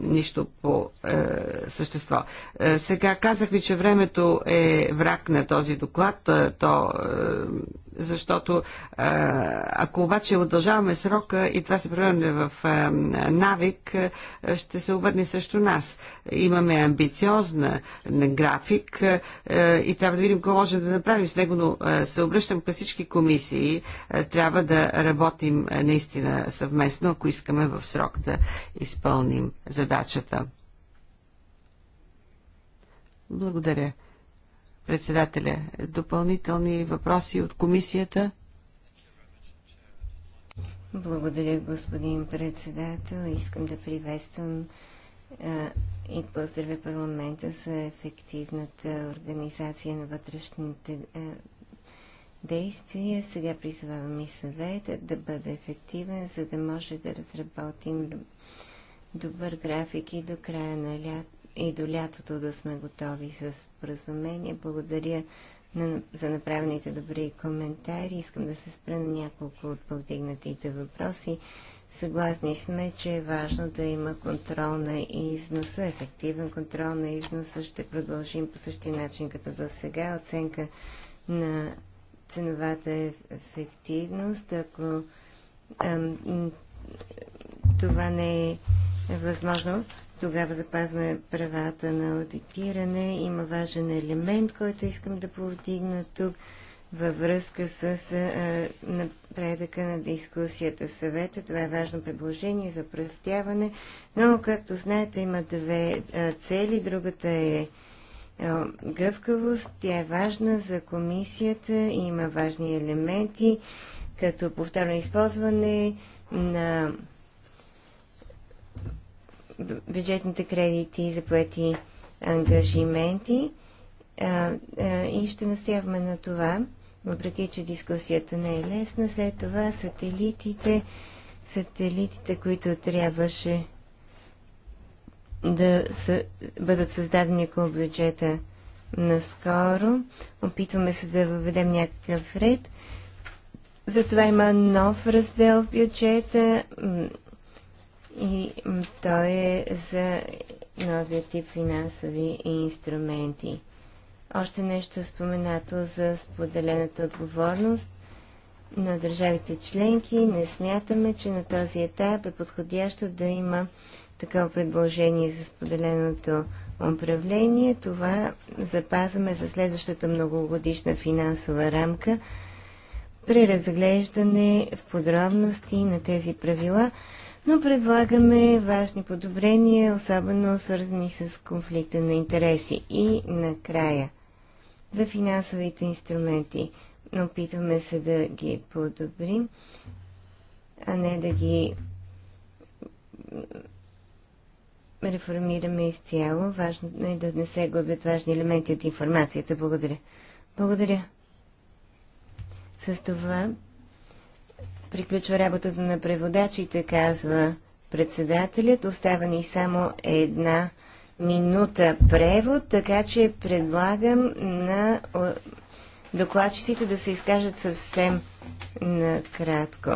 нищо по е, същество. Е, сега казах ви, че времето е враг на този доклад. Е, то е, защото ако обаче удължаваме срока и това се превърне в навик, ще се обърне срещу нас. Имаме амбициозна график и трябва да видим какво може да направим с него, но се обръщам към всички комисии. Трябва да работим наистина съвместно, ако искаме в срок да изпълним задачата. Благодаря. Председателя, допълнителни въпроси от комисията? Благодаря, господин председател. Искам да приветствам и поздравя парламента за ефективната организация на вътрешните действия. Сега призвавам и съвета да бъде ефективен, за да може да разработим добър график и до края на лято и до лятото да сме готови с празумение. Благодаря на, за направените добри коментари. Искам да се спра на няколко от повдигнатите въпроси. Съгласни сме, че е важно да има контрол на износа, ефективен контрол на износа. Ще продължим по същия начин като до сега. Оценка на ценовата ефективност. Ако ам, това не е възможно, тогава запазваме правата на аудитиране. Има важен елемент, който искам да повдигна тук във връзка с а, напредъка на дискусията в съвета. Това е важно предложение за пръстяване, но, както знаете, има две а, цели. Другата е а, гъвкавост. Тя е важна за комисията и има важни елементи, като повторно използване на бюджетните кредити за поети ангажименти а, а, и ще настояваме на това, въпреки че дискусията не е лесна. След това сателитите, сателитите, които трябваше да са, бъдат създадени около бюджета наскоро. Опитваме се да въведем някакъв ред. Затова има нов раздел в бюджета и то е за новия тип финансови инструменти. Още нещо е споменато за споделената отговорност на държавите членки. Не смятаме, че на този етап е подходящо да има такова предложение за споделеното управление. Това запазваме за следващата многогодишна финансова рамка при разглеждане в подробности на тези правила, но предлагаме важни подобрения, особено свързани с конфликта на интереси. И накрая, за финансовите инструменти. Опитваме се да ги подобрим, а не да ги реформираме изцяло. Важно е да не се губят важни елементи от информацията. Благодаря. Благодаря. С това Приключва работата на преводачите, казва председателят. Остава ни само една минута превод, така че предлагам на докладчиците да се изкажат съвсем накратко.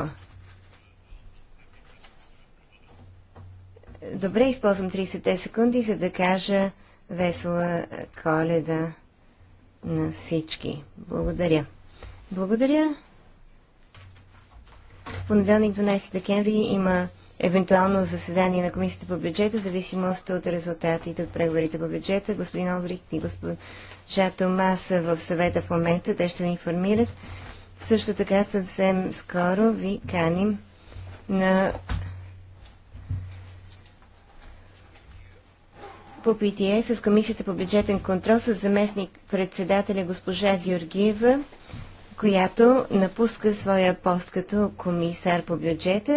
Добре, използвам 30 секунди, за да кажа весела коледа на всички. Благодаря. Благодаря. В понеделник 12 декември има евентуално заседание на Комисията по бюджета, в зависимост от резултатите от преговорите по бюджета. Господин Обрик и госпожа Томаса в съвета в момента, те ще ни информират. Също така съвсем скоро ви каним на по ПТЕ с Комисията по бюджетен контрол с заместник председателя госпожа Георгиева която напуска своя пост като комисар по бюджета.